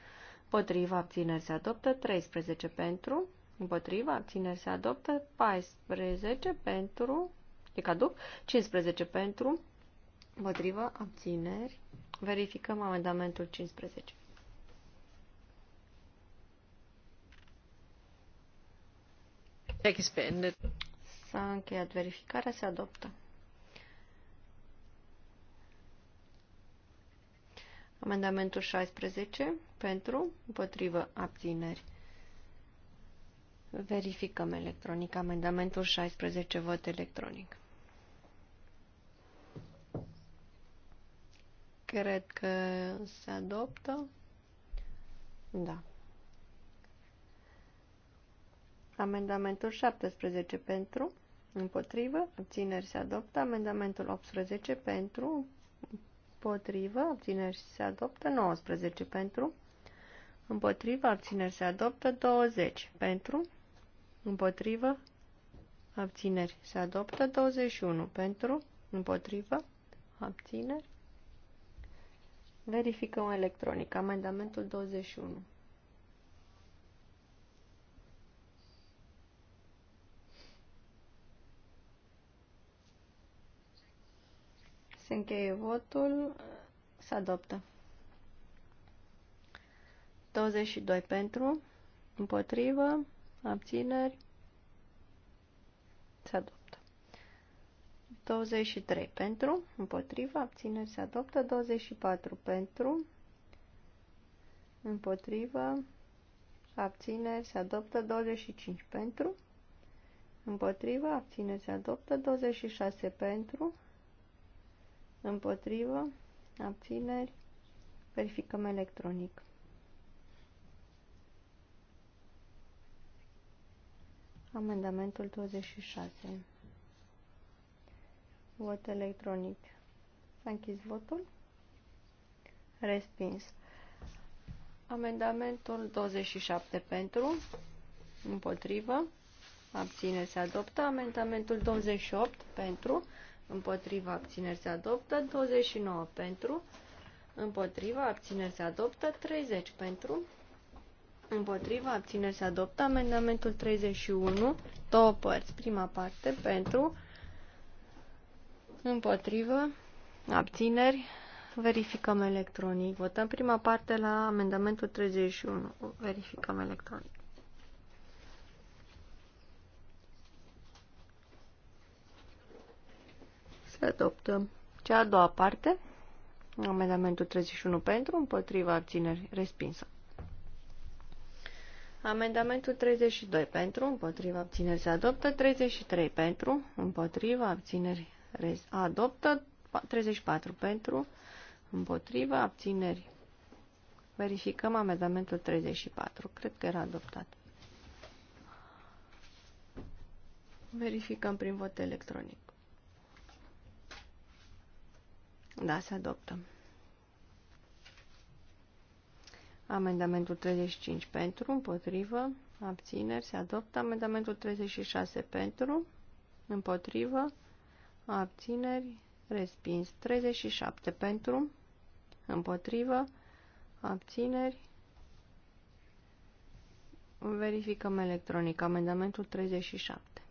împotrivă, abțineri se adoptă. 13 pentru, Împotriva, abțineri se adoptă. 14 pentru, e caduc. 15 pentru, împotriva, abțineri. Verificăm amendamentul 15. S-a încheiat verificarea, se adoptă. Amendamentul 16 pentru, împotrivă, abțineri Verificăm electronic amendamentul 16, vot electronic. Cred că se adoptă. Da. Amendamentul 17 pentru, împotrivă, abțineri se adoptă. Amendamentul 18 pentru, împotrivă, abțineri se adoptă. 19 pentru, împotrivă, abțineri se adoptă. 20 pentru, Împotrivă. Abțineri. Se adoptă 21 pentru. Împotrivă. Abțineri. Verificăm electronic. Amendamentul 21. Se încheie votul. Se adoptă. 22 pentru. Împotrivă. Abțineri. Se adoptă. 23 pentru, împotriva, abțineri se adoptă. 24 pentru, împotriva, abțineri se adoptă. 25 pentru, împotriva, abțineri se adoptă. 26 pentru, împotriva, abțineri, verificăm electronic. Amendamentul 26. Vot electronic. S-a închis votul. Respins. Amendamentul 27 pentru, împotrivă, abține se adoptă. Amendamentul 28 pentru, împotrivă, Abține se adoptă. 29 pentru, împotrivă, Abține se adoptă. 30 pentru, Împotriva, abțineri se adoptă. Amendamentul 31, două părți. Prima parte, pentru. Împotrivă, abțineri. Verificăm electronic. Votăm prima parte la amendamentul 31. Verificăm electronic. Se adoptă. Cea a doua parte, amendamentul 31 pentru, împotriva abțineri, respinsă. Amendamentul 32 pentru, împotriva abțineri se adoptă, 33 pentru, împotriva abțineri adoptă, 34 pentru, împotriva abțineri. Verificăm amendamentul 34. Cred că era adoptat. Verificăm prin vot electronic. Da, se adoptă. Amendamentul 35 pentru, împotrivă, abțineri, se adoptă. Amendamentul 36 pentru, împotrivă, abțineri, respins. 37 pentru, împotrivă, abțineri. Verificăm electronic. Amendamentul 37.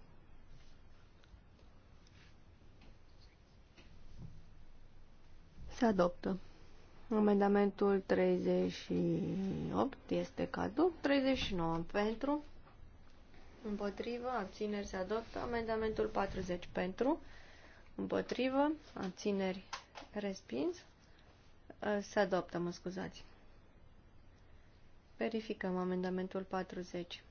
Se adoptă. Amendamentul 38 este cadou. 39 pentru. Împotrivă, abțineri se adoptă. Amendamentul 40 pentru. Împotrivă, abțineri respins. Ă, se adoptă, mă scuzați. Verificăm amendamentul 40.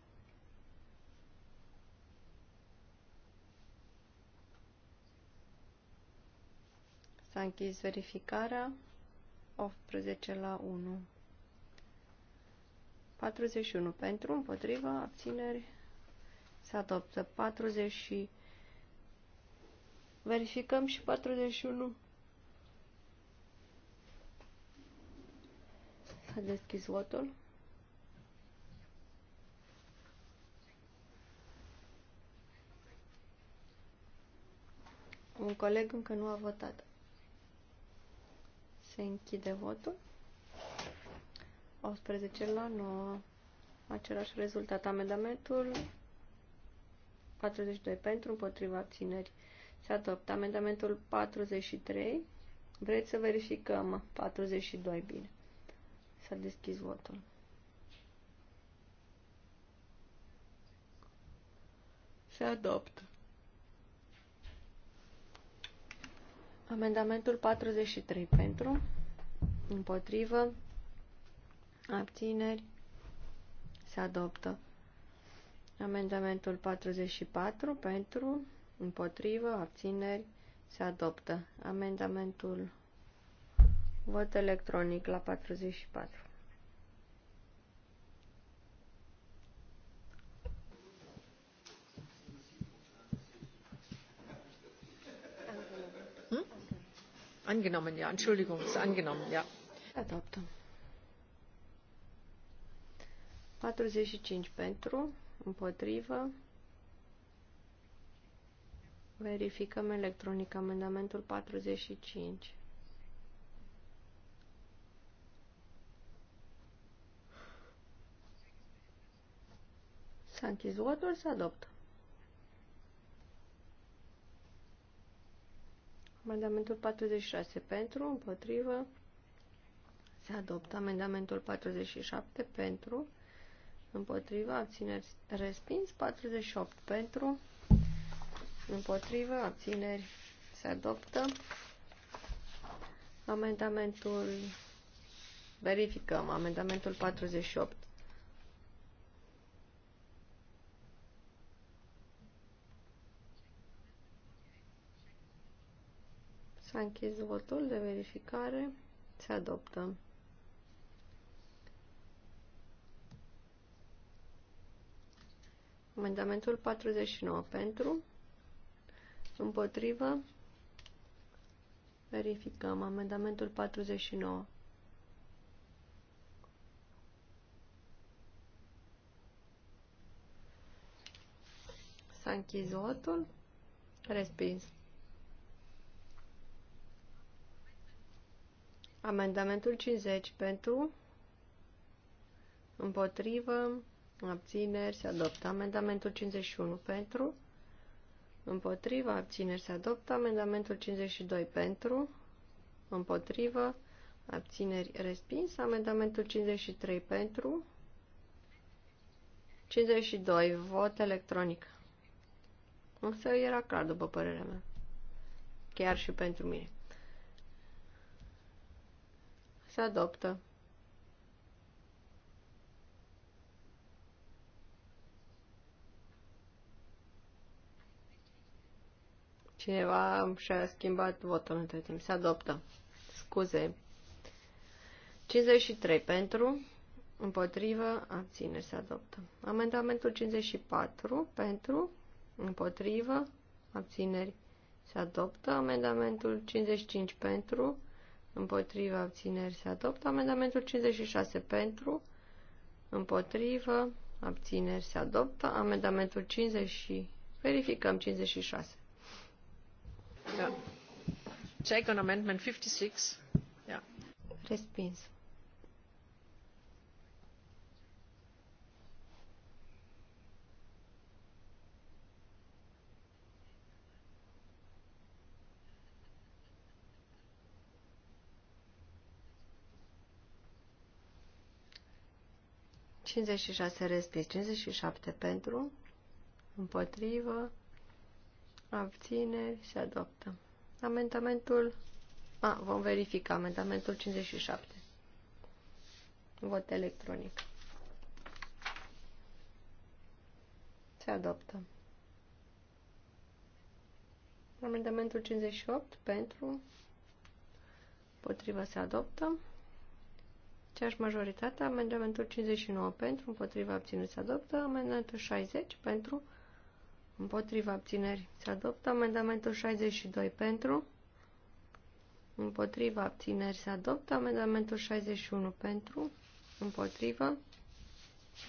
S-a închis verificarea. 18 la 1. 41 pentru, împotrivă, abțineri, se adoptă. 40 și... Verificăm și 41. S-a deschis votul. Un coleg încă nu a votat. Se închide votul. 18 la 9. Același rezultat. Amendamentul 42 pentru, împotriva abțineri. Se adoptă. Amendamentul 43. Vreți să verificăm 42, bine. S-a deschis votul. Se adoptă. Amendamentul 43 pentru, împotrivă, abțineri, se adoptă. Amendamentul 44 pentru, împotrivă, abțineri, se adoptă. Amendamentul vot electronic la 44. angenommen ja entschuldigung ist angenommen ja se adoptă 45 pentru împotrivă verificăm electronic amendamentul 45 S-a închis votul, se adoptă. Amendamentul 46 pentru, împotrivă, se adoptă. Amendamentul 47 pentru, împotrivă, abțineri, respins. 48 pentru, împotrivă, abțineri, se adoptă. Amendamentul, verificăm, amendamentul 48. S-a închis votul de verificare. Se adoptă. Amendamentul 49 pentru. Împotrivă. Verificăm. Amendamentul 49. S-a închis votul. Respins. Amendamentul 50 pentru, împotrivă, abțineri, se adoptă. Amendamentul 51 pentru, împotrivă, abțineri, se adoptă. Amendamentul 52 pentru, împotrivă, abțineri, respins. Amendamentul 53 pentru, 52, vot electronic. Însă era clar, după părerea mea. Chiar și pentru mine. Se adoptă. Cineva și-a schimbat votul între timp. Se adoptă. Scuze. 53 pentru, împotrivă, abține, se adoptă. Amendamentul 54 pentru, împotrivă, abțineri, se adoptă. Amendamentul 55 pentru, împotrivă, abțineri se adoptă. Amendamentul 56 pentru, împotrivă, abțineri se adoptă. Amendamentul 50, verificăm 56. Da. Check on amendment 56. Yeah. Respins. 56 respins, 57 pentru, împotrivă, abțineri, se adoptă. Amendamentul, a, vom verifica amendamentul 57. Vot electronic. Se adoptă. Amendamentul 58 pentru, împotrivă, se adoptă. Aceeași majoritate, amendamentul 59 pentru, împotriva abțineri se adoptă, amendamentul 60 pentru, împotriva abțineri se adoptă, amendamentul 62 pentru, împotriva abțineri se adoptă, amendamentul 61 pentru, împotriva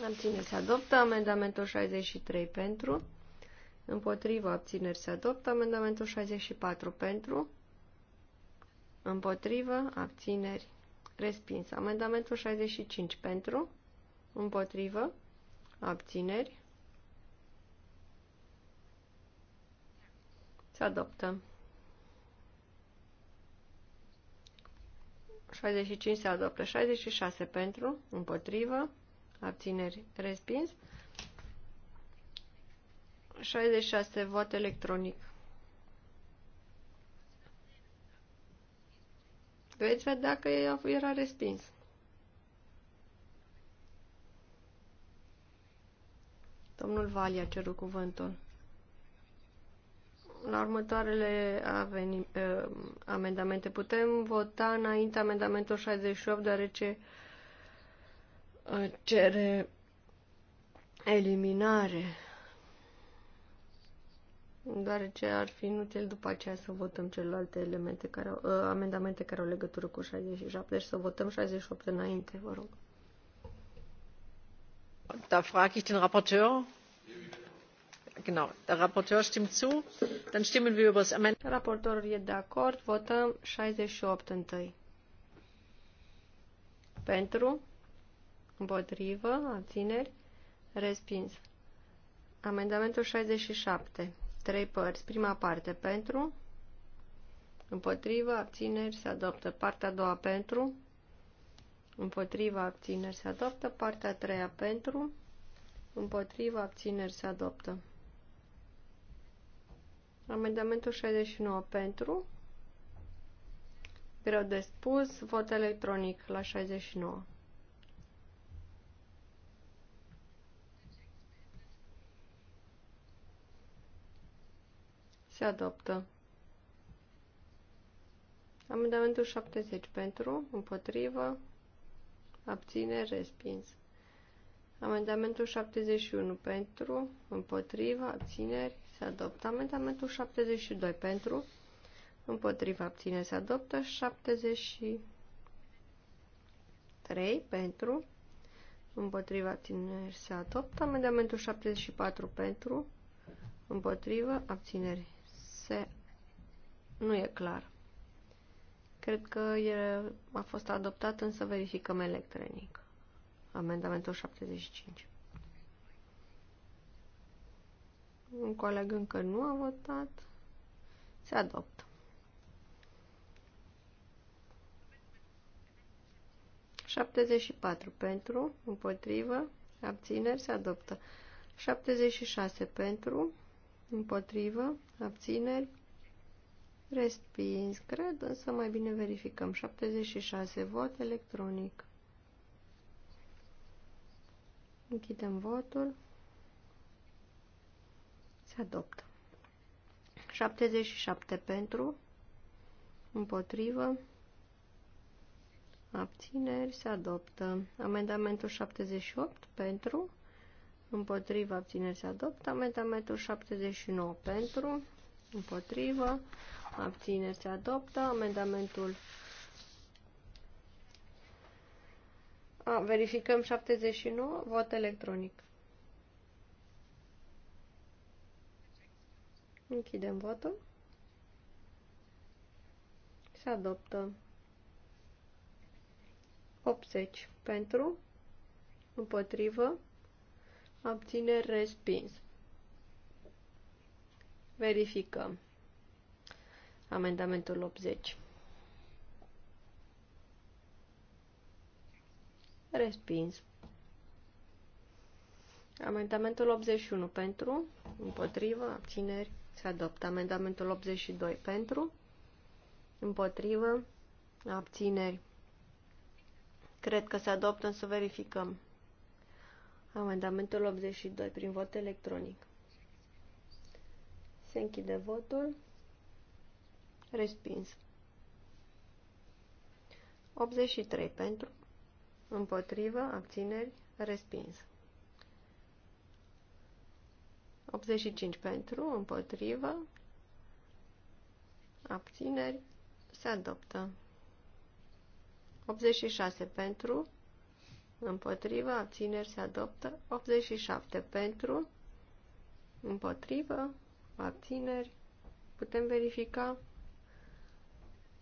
abțineri se adoptă, amendamentul 63 pentru, împotriva abțineri se adoptă, amendamentul 64 pentru, împotriva abțineri Respins. Amendamentul 65 pentru, împotrivă, abțineri. Se adoptă. 65 se adoptă. 66 pentru, împotrivă, abțineri. Respins. 66 vot electronic. veți deci, vedea că era respins. Domnul Valia cerut cuvântul. La următoarele aveni, uh, amendamente putem vota înainte amendamentul 68, deoarece uh, cere eliminare deoarece ar fi inutil după aceea să votăm celelalte elemente care au, uh, amendamente care au legătură cu 67, deci să votăm 68 înainte, vă rog. Da frage ich den raporteur. Genau, der Rapporteur stimmt zu, dann stimmen wir über das Amendment. Raportorul e de acord, votăm 68 întâi. Pentru, împotrivă, abțineri, respins. Amendamentul 67 trei părți. Prima parte pentru, împotriva, abțineri, se adoptă. Partea a doua pentru, împotriva, abțineri, se adoptă. Partea a treia pentru, împotriva, abțineri, se adoptă. Amendamentul 69 pentru, greu de spus, vot electronic la 69. Se adoptă. Amendamentul 70 pentru, împotrivă, abține, respins. Amendamentul 71 pentru, împotrivă, abțineri, se adoptă. Amendamentul 72 pentru, împotrivă, abține, se adoptă. 73 pentru, împotrivă, abțineri se adoptă. Amendamentul 74 pentru, împotrivă, abțineri 6 nu e clar. Cred că el a fost adoptat, însă verificăm electronic. Amendamentul 75. Un coleg încă nu a votat. Se adoptă. Șaptezeci pentru, împotrivă, abțineri, se adoptă. Șaptezeci pentru, Împotrivă. Abțineri. Respins. Cred, însă mai bine verificăm. 76. Vot electronic. Închidem votul. Se adoptă. 77 pentru. Împotrivă. Abțineri. Se adoptă. Amendamentul 78 pentru împotriva, abțineri se adoptă. Amendamentul 79 pentru, împotrivă, abțineri se adoptă. Amendamentul A, verificăm 79, vot electronic. Închidem votul. Se adoptă 80 pentru, împotrivă, Abțineri respins. Verificăm. Amendamentul 80. Respins. Amendamentul 81 pentru, împotrivă, abțineri, se adoptă. Amendamentul 82 pentru, împotrivă, abțineri. Cred că se adoptă, însă verificăm. Amendamentul 82 prin vot electronic. Se închide votul. Respins. 83 pentru. Împotrivă. Abțineri. Respins. 85 pentru. Împotrivă. Abțineri. Se adoptă. 86 pentru. Împotrivă, abțineri se adoptă. 87 pentru. Împotrivă, abțineri. Putem verifica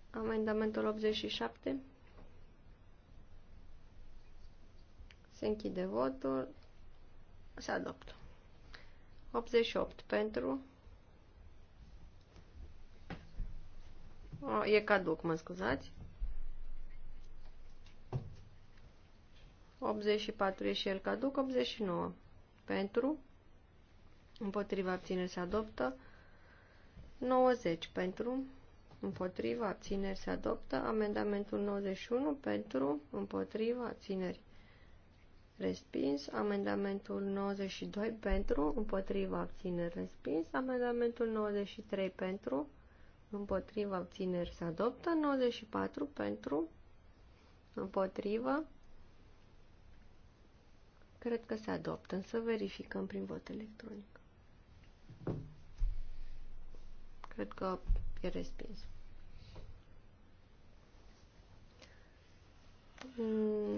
amendamentul 87. Se închide votul. Se adoptă. 88 pentru. O, e caduc, mă scuzați. 84 e și el caduc, 89 pentru, împotriva abțineri se adoptă, 90 pentru, împotriva abțineri se adoptă, amendamentul 91 pentru, împotriva abțineri respins, amendamentul 92 pentru, împotriva abțineri respins, amendamentul 93 pentru, împotriva abțineri se adoptă, 94 pentru, împotriva Cred că se adoptă, însă verificăm prin vot electronic. Cred că e respins.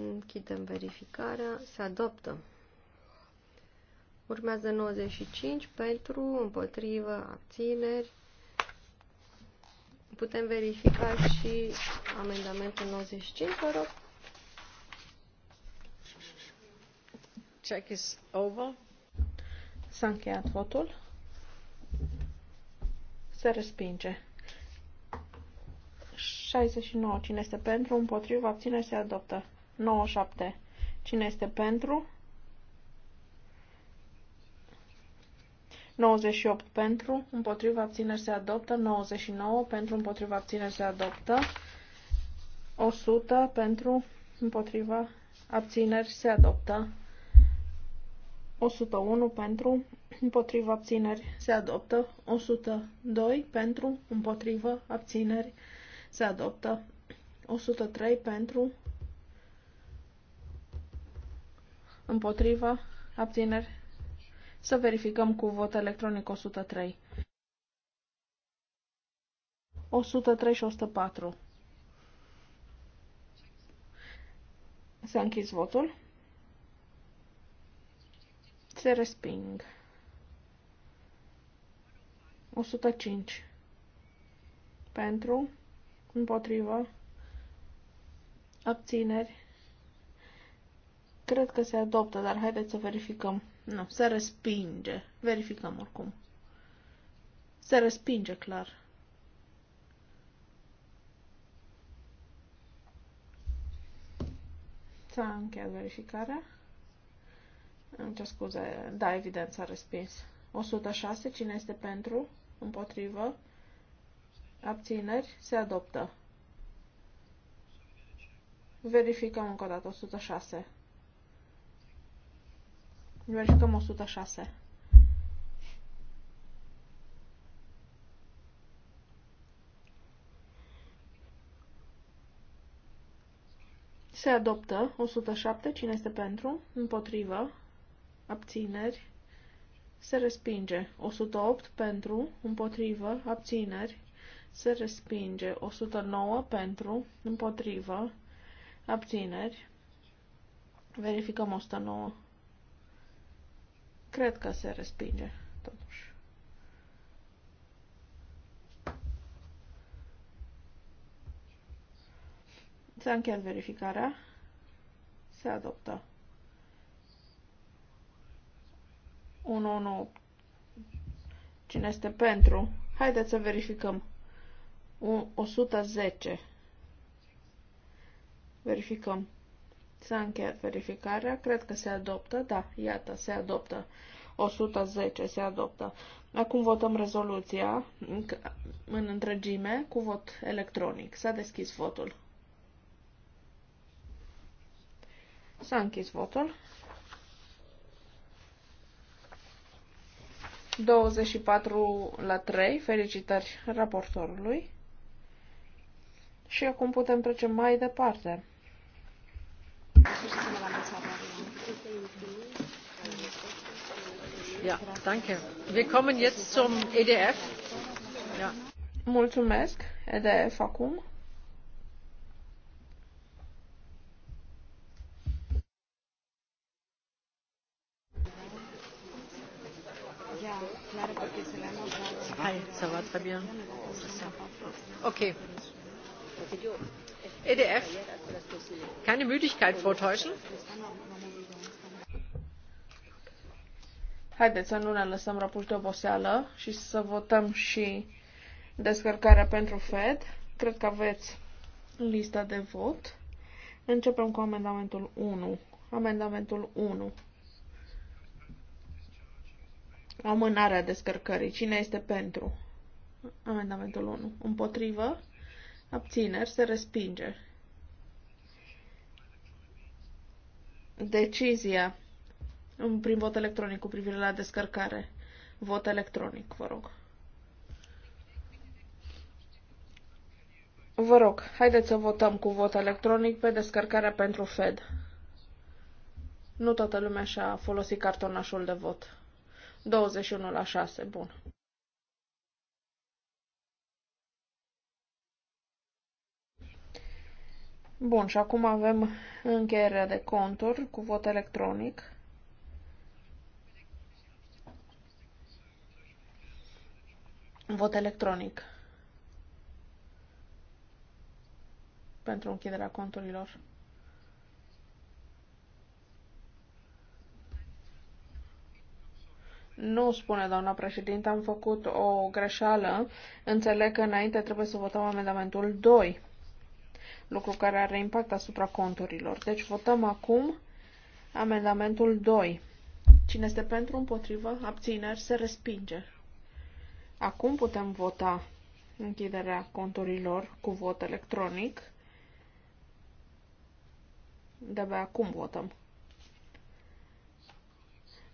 Închidem verificarea. Se adoptă. Urmează 95 pentru, împotrivă, abțineri. Putem verifica și amendamentul 95, vă rog. Check is over. S-a încheiat votul. Se respinge. 69. Cine este pentru? Împotriva? Abține? Se adoptă. 97. Cine este pentru? 98 pentru, împotriva abțineri se adoptă, 99 pentru, împotriva abțineri se adoptă, 100 pentru, împotriva abțineri se adoptă. 101 pentru, împotriva abțineri se adoptă, 102 pentru, împotriva abțineri se adoptă, 103 pentru, împotriva abțineri. Să verificăm cu vot electronic 103. 103 și 104. S-a închis votul. Se resping. 105. Pentru, împotrivă, abțineri. Cred că se adoptă, dar haideți să verificăm. Nu, se respinge. Verificăm oricum. Se respinge, clar. S-a încheiat verificarea. Îmi cer scuze. Da, evident, s-a respins. 106. Cine este pentru? Împotrivă. Abțineri. Se adoptă. Verificăm încă o dată. 106. Verificăm 106. Se adoptă 107. Cine este pentru? Împotrivă abțineri, se respinge. 108 pentru, împotrivă, abțineri, se respinge. 109 pentru, împotrivă, abțineri. Verificăm 109. Cred că se respinge, totuși. S-a încheiat verificarea. Se adoptă. 118. Cine este pentru? Haideți să verificăm. 110. Verificăm. S-a încheiat verificarea. Cred că se adoptă. Da, iată, se adoptă. 110 se adoptă. Acum votăm rezoluția în întregime cu vot electronic. S-a deschis votul. S-a închis votul. 24 la 3. Felicitări raportorului. Și acum putem trece mai departe. Ja, danke. Wir kommen jetzt zum EDF. Ja. Mulțumesc. EDF acum. Hai, ça va très bien. Okay. EDF, keine Müdigkeit vortäuschen. Haideți să nu ne lăsăm răpuși de oboseală și să votăm și descărcarea pentru FED. Cred că aveți lista de vot. Începem cu amendamentul 1. Amendamentul 1. Amânarea descărcării. Cine este pentru? Amendamentul 1. Împotrivă. Abțineri. Se respinge. Decizia. În prim vot electronic cu privire la descărcare. Vot electronic, vă rog. Vă rog, haideți să votăm cu vot electronic pe descărcarea pentru Fed. Nu toată lumea și-a folosit cartonașul de vot. 21 la 6, bun. Bun, și acum avem încheierea de conturi cu vot electronic. Vot electronic pentru închiderea conturilor. Nu, spune doamna președinte, am făcut o greșeală. Înțeleg că înainte trebuie să votăm amendamentul 2, lucru care are impact asupra conturilor. Deci votăm acum amendamentul 2. Cine este pentru, împotrivă, abțineri, se respinge. Acum putem vota închiderea conturilor cu vot electronic. De acum votăm.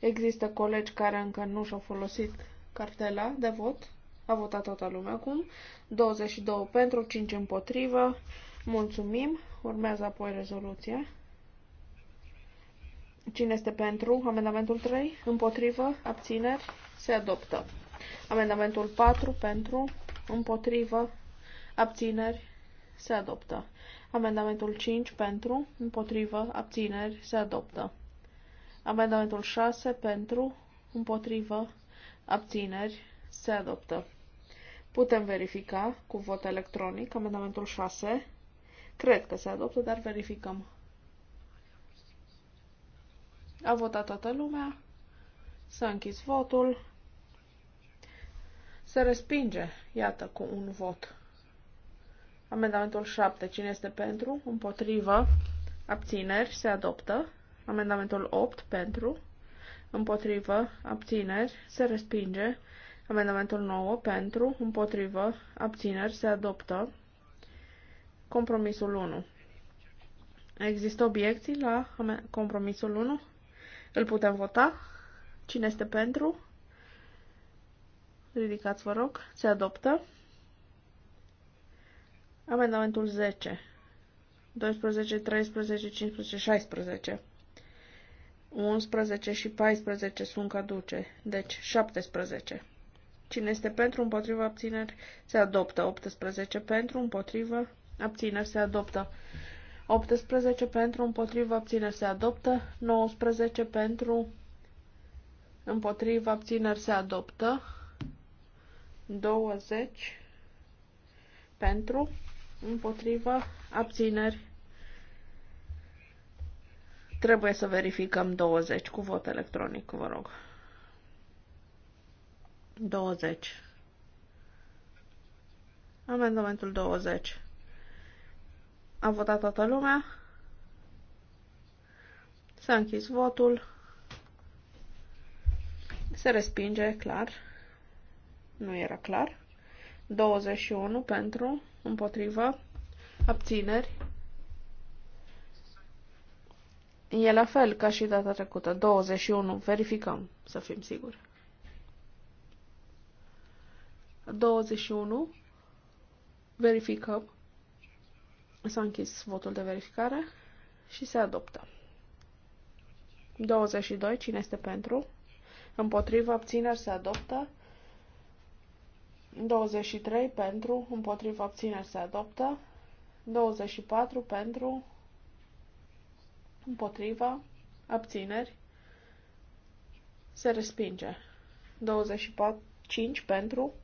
Există colegi care încă nu și-au folosit cartela de vot. A votat toată lumea acum. 22 pentru, 5 împotrivă. Mulțumim. Urmează apoi rezoluția. Cine este pentru? Amendamentul 3. Împotrivă. Abțineri. Se adoptă. Amendamentul 4. Pentru. Împotrivă. Abțineri. Se adoptă. Amendamentul 5. Pentru. Împotrivă. Abțineri. Se adoptă. Amendamentul 6 pentru, împotrivă, abțineri, se adoptă. Putem verifica cu vot electronic amendamentul 6. Cred că se adoptă, dar verificăm. A votat toată lumea. S-a închis votul. Se respinge, iată, cu un vot. Amendamentul 7. Cine este pentru? Împotrivă. Abțineri. Se adoptă. Amendamentul 8 pentru, împotrivă, abțineri, se respinge. Amendamentul 9 pentru, împotrivă, abțineri, se adoptă. Compromisul 1. Există obiecții la compromisul 1? Îl putem vota? Cine este pentru? Ridicați, vă rog. Se adoptă. Amendamentul 10. 12, 13, 15, 16. 11 și 14 sunt caduce, deci 17. Cine este pentru, împotriva, abțineri, se adoptă. 18 pentru, împotriva, abțineri, se adoptă. 18 pentru, împotriva, abțineri, se adoptă. 19 pentru, împotriva, abțineri, se adoptă. 20 pentru, împotriva, abțineri, Trebuie să verificăm 20 cu vot electronic, vă rog. 20. Amendamentul 20. A votat toată lumea. S-a închis votul. Se respinge, clar. Nu era clar. 21 pentru, împotrivă, abțineri, E la fel ca și data trecută. 21. Verificăm, să fim siguri. 21. Verificăm. S-a închis votul de verificare și se adoptă. 22. Cine este pentru? Împotrivă, abțineri, se adoptă. 23. Pentru, împotrivă, abțineri, se adoptă. 24. Pentru, împotriva, abțineri, se respinge. 25 pentru,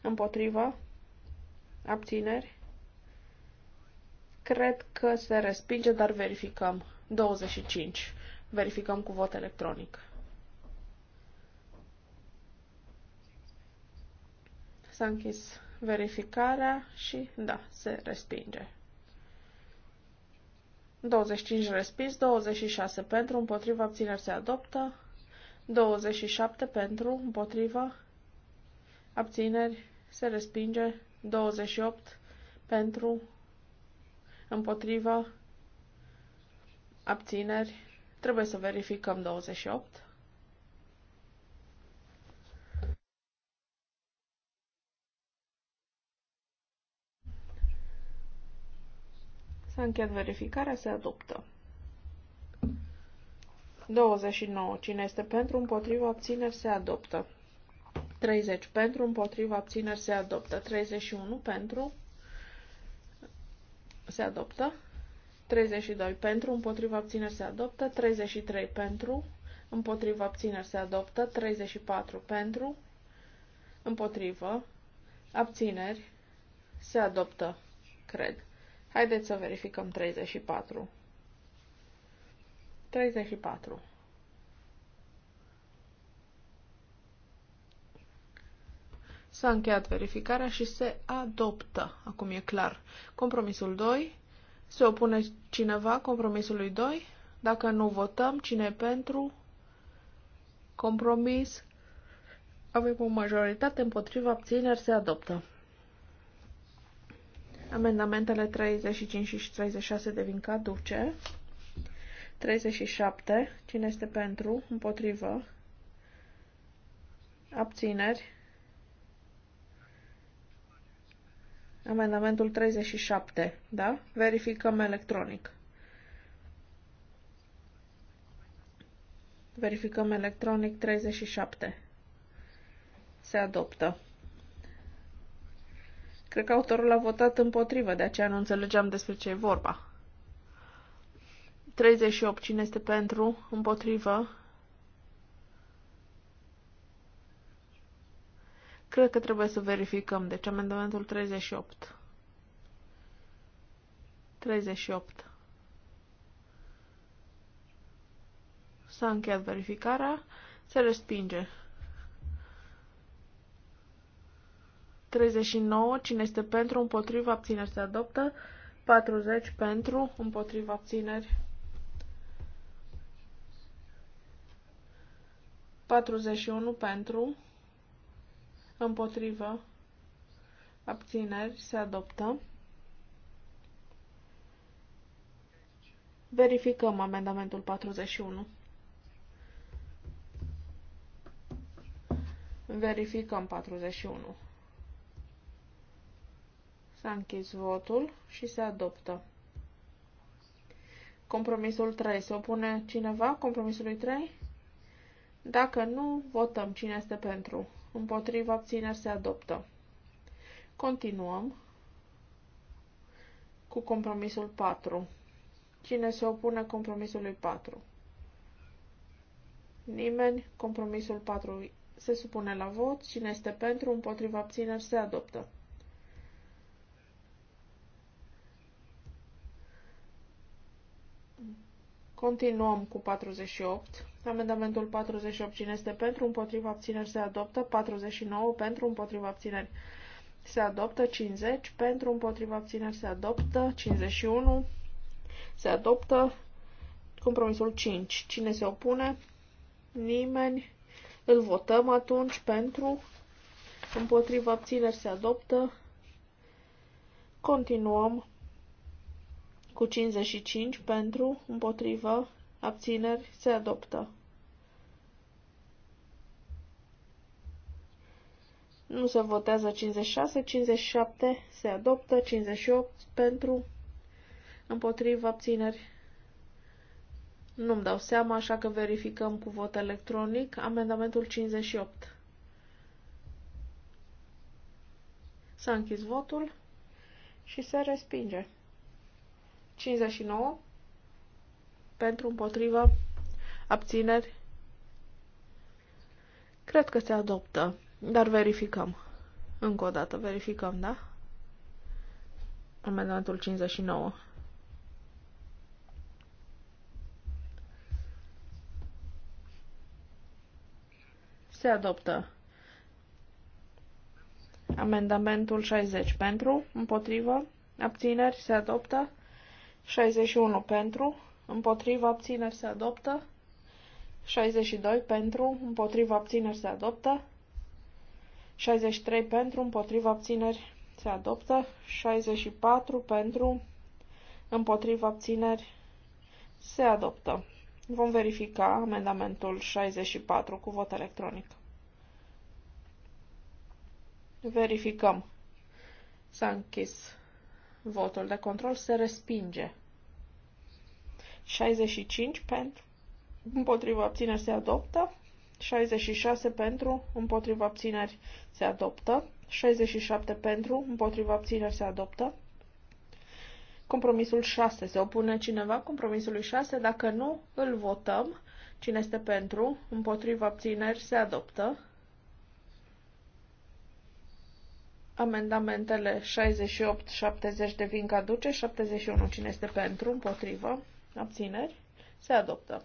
împotriva, abțineri, cred că se respinge, dar verificăm. 25. Verificăm cu vot electronic. S-a închis verificarea și da, se respinge. 25 respins, 26 pentru, împotriva abțineri se adoptă, 27 pentru, împotriva abțineri se respinge, 28 pentru, împotriva abțineri. Trebuie să verificăm 28. S-a încheiat verificarea, se adoptă. 29. Cine este pentru, împotriva, abțineri, se adoptă. 30. Pentru, împotriva, abțineri, se adoptă. 31. Pentru, se adoptă. 32. Pentru, împotriva, abțineri, se adoptă. 33. Pentru, împotriva, abțineri, se adoptă. 34. Pentru, împotriva, abțineri, se adoptă, cred. Haideți să verificăm 34. 34. S-a încheiat verificarea și se adoptă. Acum e clar. Compromisul 2. Se opune cineva compromisului 2? Dacă nu votăm, cine e pentru? Compromis. Avem o majoritate împotriva abțineri, se adoptă. Amendamentele 35 și 36 devin caduce. 37. Cine este pentru? Împotrivă. Abțineri. Amendamentul 37, da? Verificăm electronic. Verificăm electronic 37. Se adoptă. Cred că autorul a votat împotrivă, de aceea nu înțelegeam despre ce e vorba. 38. Cine este pentru? Împotrivă? Cred că trebuie să verificăm. Deci amendamentul 38. 38. S-a încheiat verificarea. Se respinge. 39. Cine este pentru, împotriva, abțineri se adoptă. 40 pentru, împotriva, abțineri. 41 pentru, împotriva, abțineri, se adoptă. Verificăm amendamentul 41. Verificăm 41. S-a închis votul și se adoptă. Compromisul 3. Se opune cineva compromisului 3? Dacă nu, votăm cine este pentru. Împotriva abțineri se adoptă. Continuăm cu compromisul 4. Cine se opune compromisului 4? Nimeni. Compromisul 4 se supune la vot. Cine este pentru, împotriva abțineri se adoptă. Continuăm cu 48. Amendamentul 48 cine este pentru, împotriva abțineri se adoptă, 49 pentru, împotriva abțineri se adoptă, 50 pentru, împotriva abțineri se adoptă, 51 se adoptă, compromisul 5. Cine se opune? Nimeni. Îl votăm atunci pentru, împotriva abțineri se adoptă, continuăm cu 55 pentru, împotrivă, abțineri, se adoptă. Nu se votează 56, 57 se adoptă, 58 pentru, împotrivă, abțineri. Nu-mi dau seama, așa că verificăm cu vot electronic amendamentul 58. S-a închis votul și se respinge. 59 pentru, împotrivă, abțineri. Cred că se adoptă, dar verificăm. Încă o dată verificăm, da? Amendamentul 59. Se adoptă. Amendamentul 60 pentru, împotrivă, abțineri, se adoptă. 61 pentru, împotriva abțineri se adoptă. 62 pentru, împotriva abțineri se adoptă. 63 pentru, împotriva abțineri se adoptă. 64 pentru, împotriva abțineri se adoptă. Vom verifica amendamentul 64 cu vot electronic. Verificăm. S-a închis Votul de control se respinge. 65 pentru, împotriva abțineri se adoptă. 66 pentru, împotriva abțineri se adoptă. 67 pentru, împotriva abțineri se adoptă. Compromisul 6. Se opune cineva compromisului 6? Dacă nu, îl votăm. Cine este pentru? Împotriva abțineri se adoptă. Amendamentele 68-70 devin caduce, 71 cine este pentru, împotrivă, abțineri, se adoptă.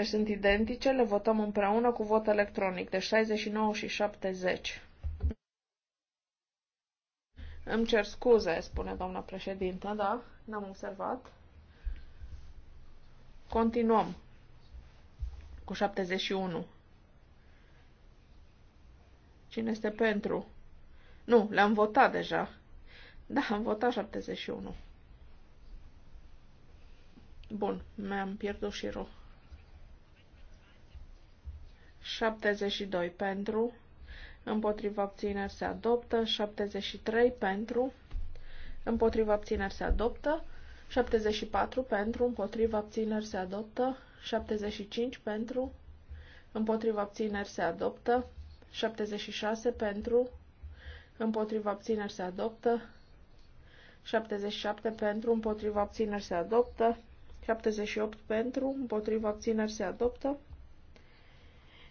...69-70 sunt identice, le votăm împreună cu vot electronic, deci 69 și 70. Îmi cer scuze, spune doamna președintă, da, n-am observat. Continuăm cu 71. Cine este pentru? Nu, le-am votat deja. Da, am votat 71. Bun, mi-am pierdut și șirul. 72 pentru, împotriva abțineri se adoptă, 73 pentru, împotriva abțineri se adoptă, 74 pentru, împotriva abțineri se adoptă. 75 pentru, împotriva abțineri se adoptă. 76 pentru, împotriva abțineri se adoptă. 77 pentru, împotriva abțineri se adoptă. 78 pentru, împotriva abțineri se adoptă.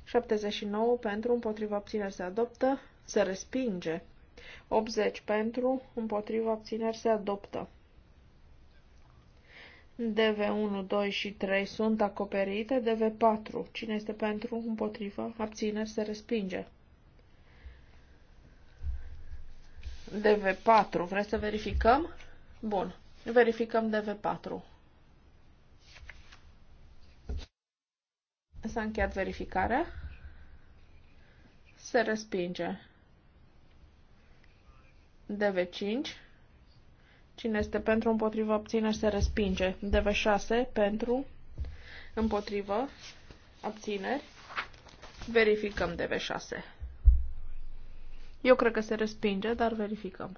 79 pentru, împotriva abțineri se adoptă. Se respinge. 80 pentru, împotriva abțineri se adoptă. DV1, 2 și 3 sunt acoperite. DV4, cine este pentru, împotrivă, abține, se respinge. DV4, vreți să verificăm? Bun, verificăm DV4. S-a încheiat verificarea. Se respinge. DV5. Cine este pentru, împotrivă, abțineri, se respinge. DV6 pentru, împotrivă, abțineri. Verificăm DV6. Eu cred că se respinge, dar verificăm.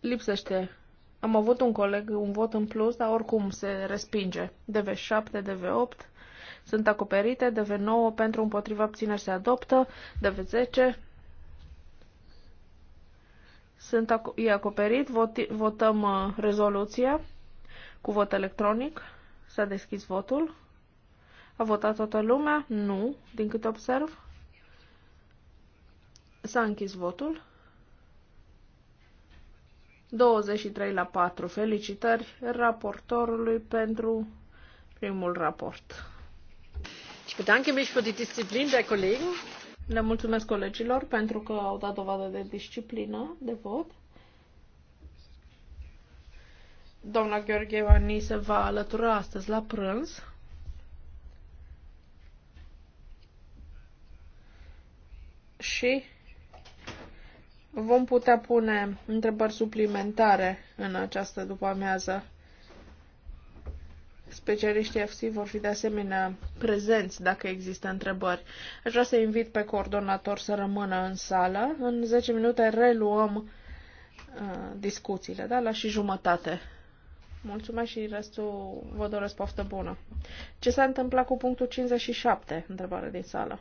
Lipsește. Am avut un coleg, un vot în plus, dar oricum se respinge. DV7, DV8 sunt acoperite, DV9 pentru împotriva abțineri se adoptă, DV10 sunt, e acoperit, Vot, votăm uh, rezoluția cu vot electronic, s-a deschis votul, a votat toată lumea, nu, din câte observ, s-a închis votul. 23 la 4. Felicitări raportorului pentru primul raport. Ich bedanke mich für die Disziplin der Kollegen. Le mulțumesc colegilor pentru că au dat dovadă de disciplină de vot. Doamna Gheorgheva ni se va alătura astăzi la prânz. Și vom putea pune întrebări suplimentare în această după amiază. Specialiștii FC vor fi de asemenea prezenți dacă există întrebări. Aș vrea să invit pe coordonator să rămână în sală. În 10 minute reluăm uh, discuțiile, da? La și jumătate. Mulțumesc și restul vă doresc poftă bună. Ce s-a întâmplat cu punctul 57? Întrebare din sală.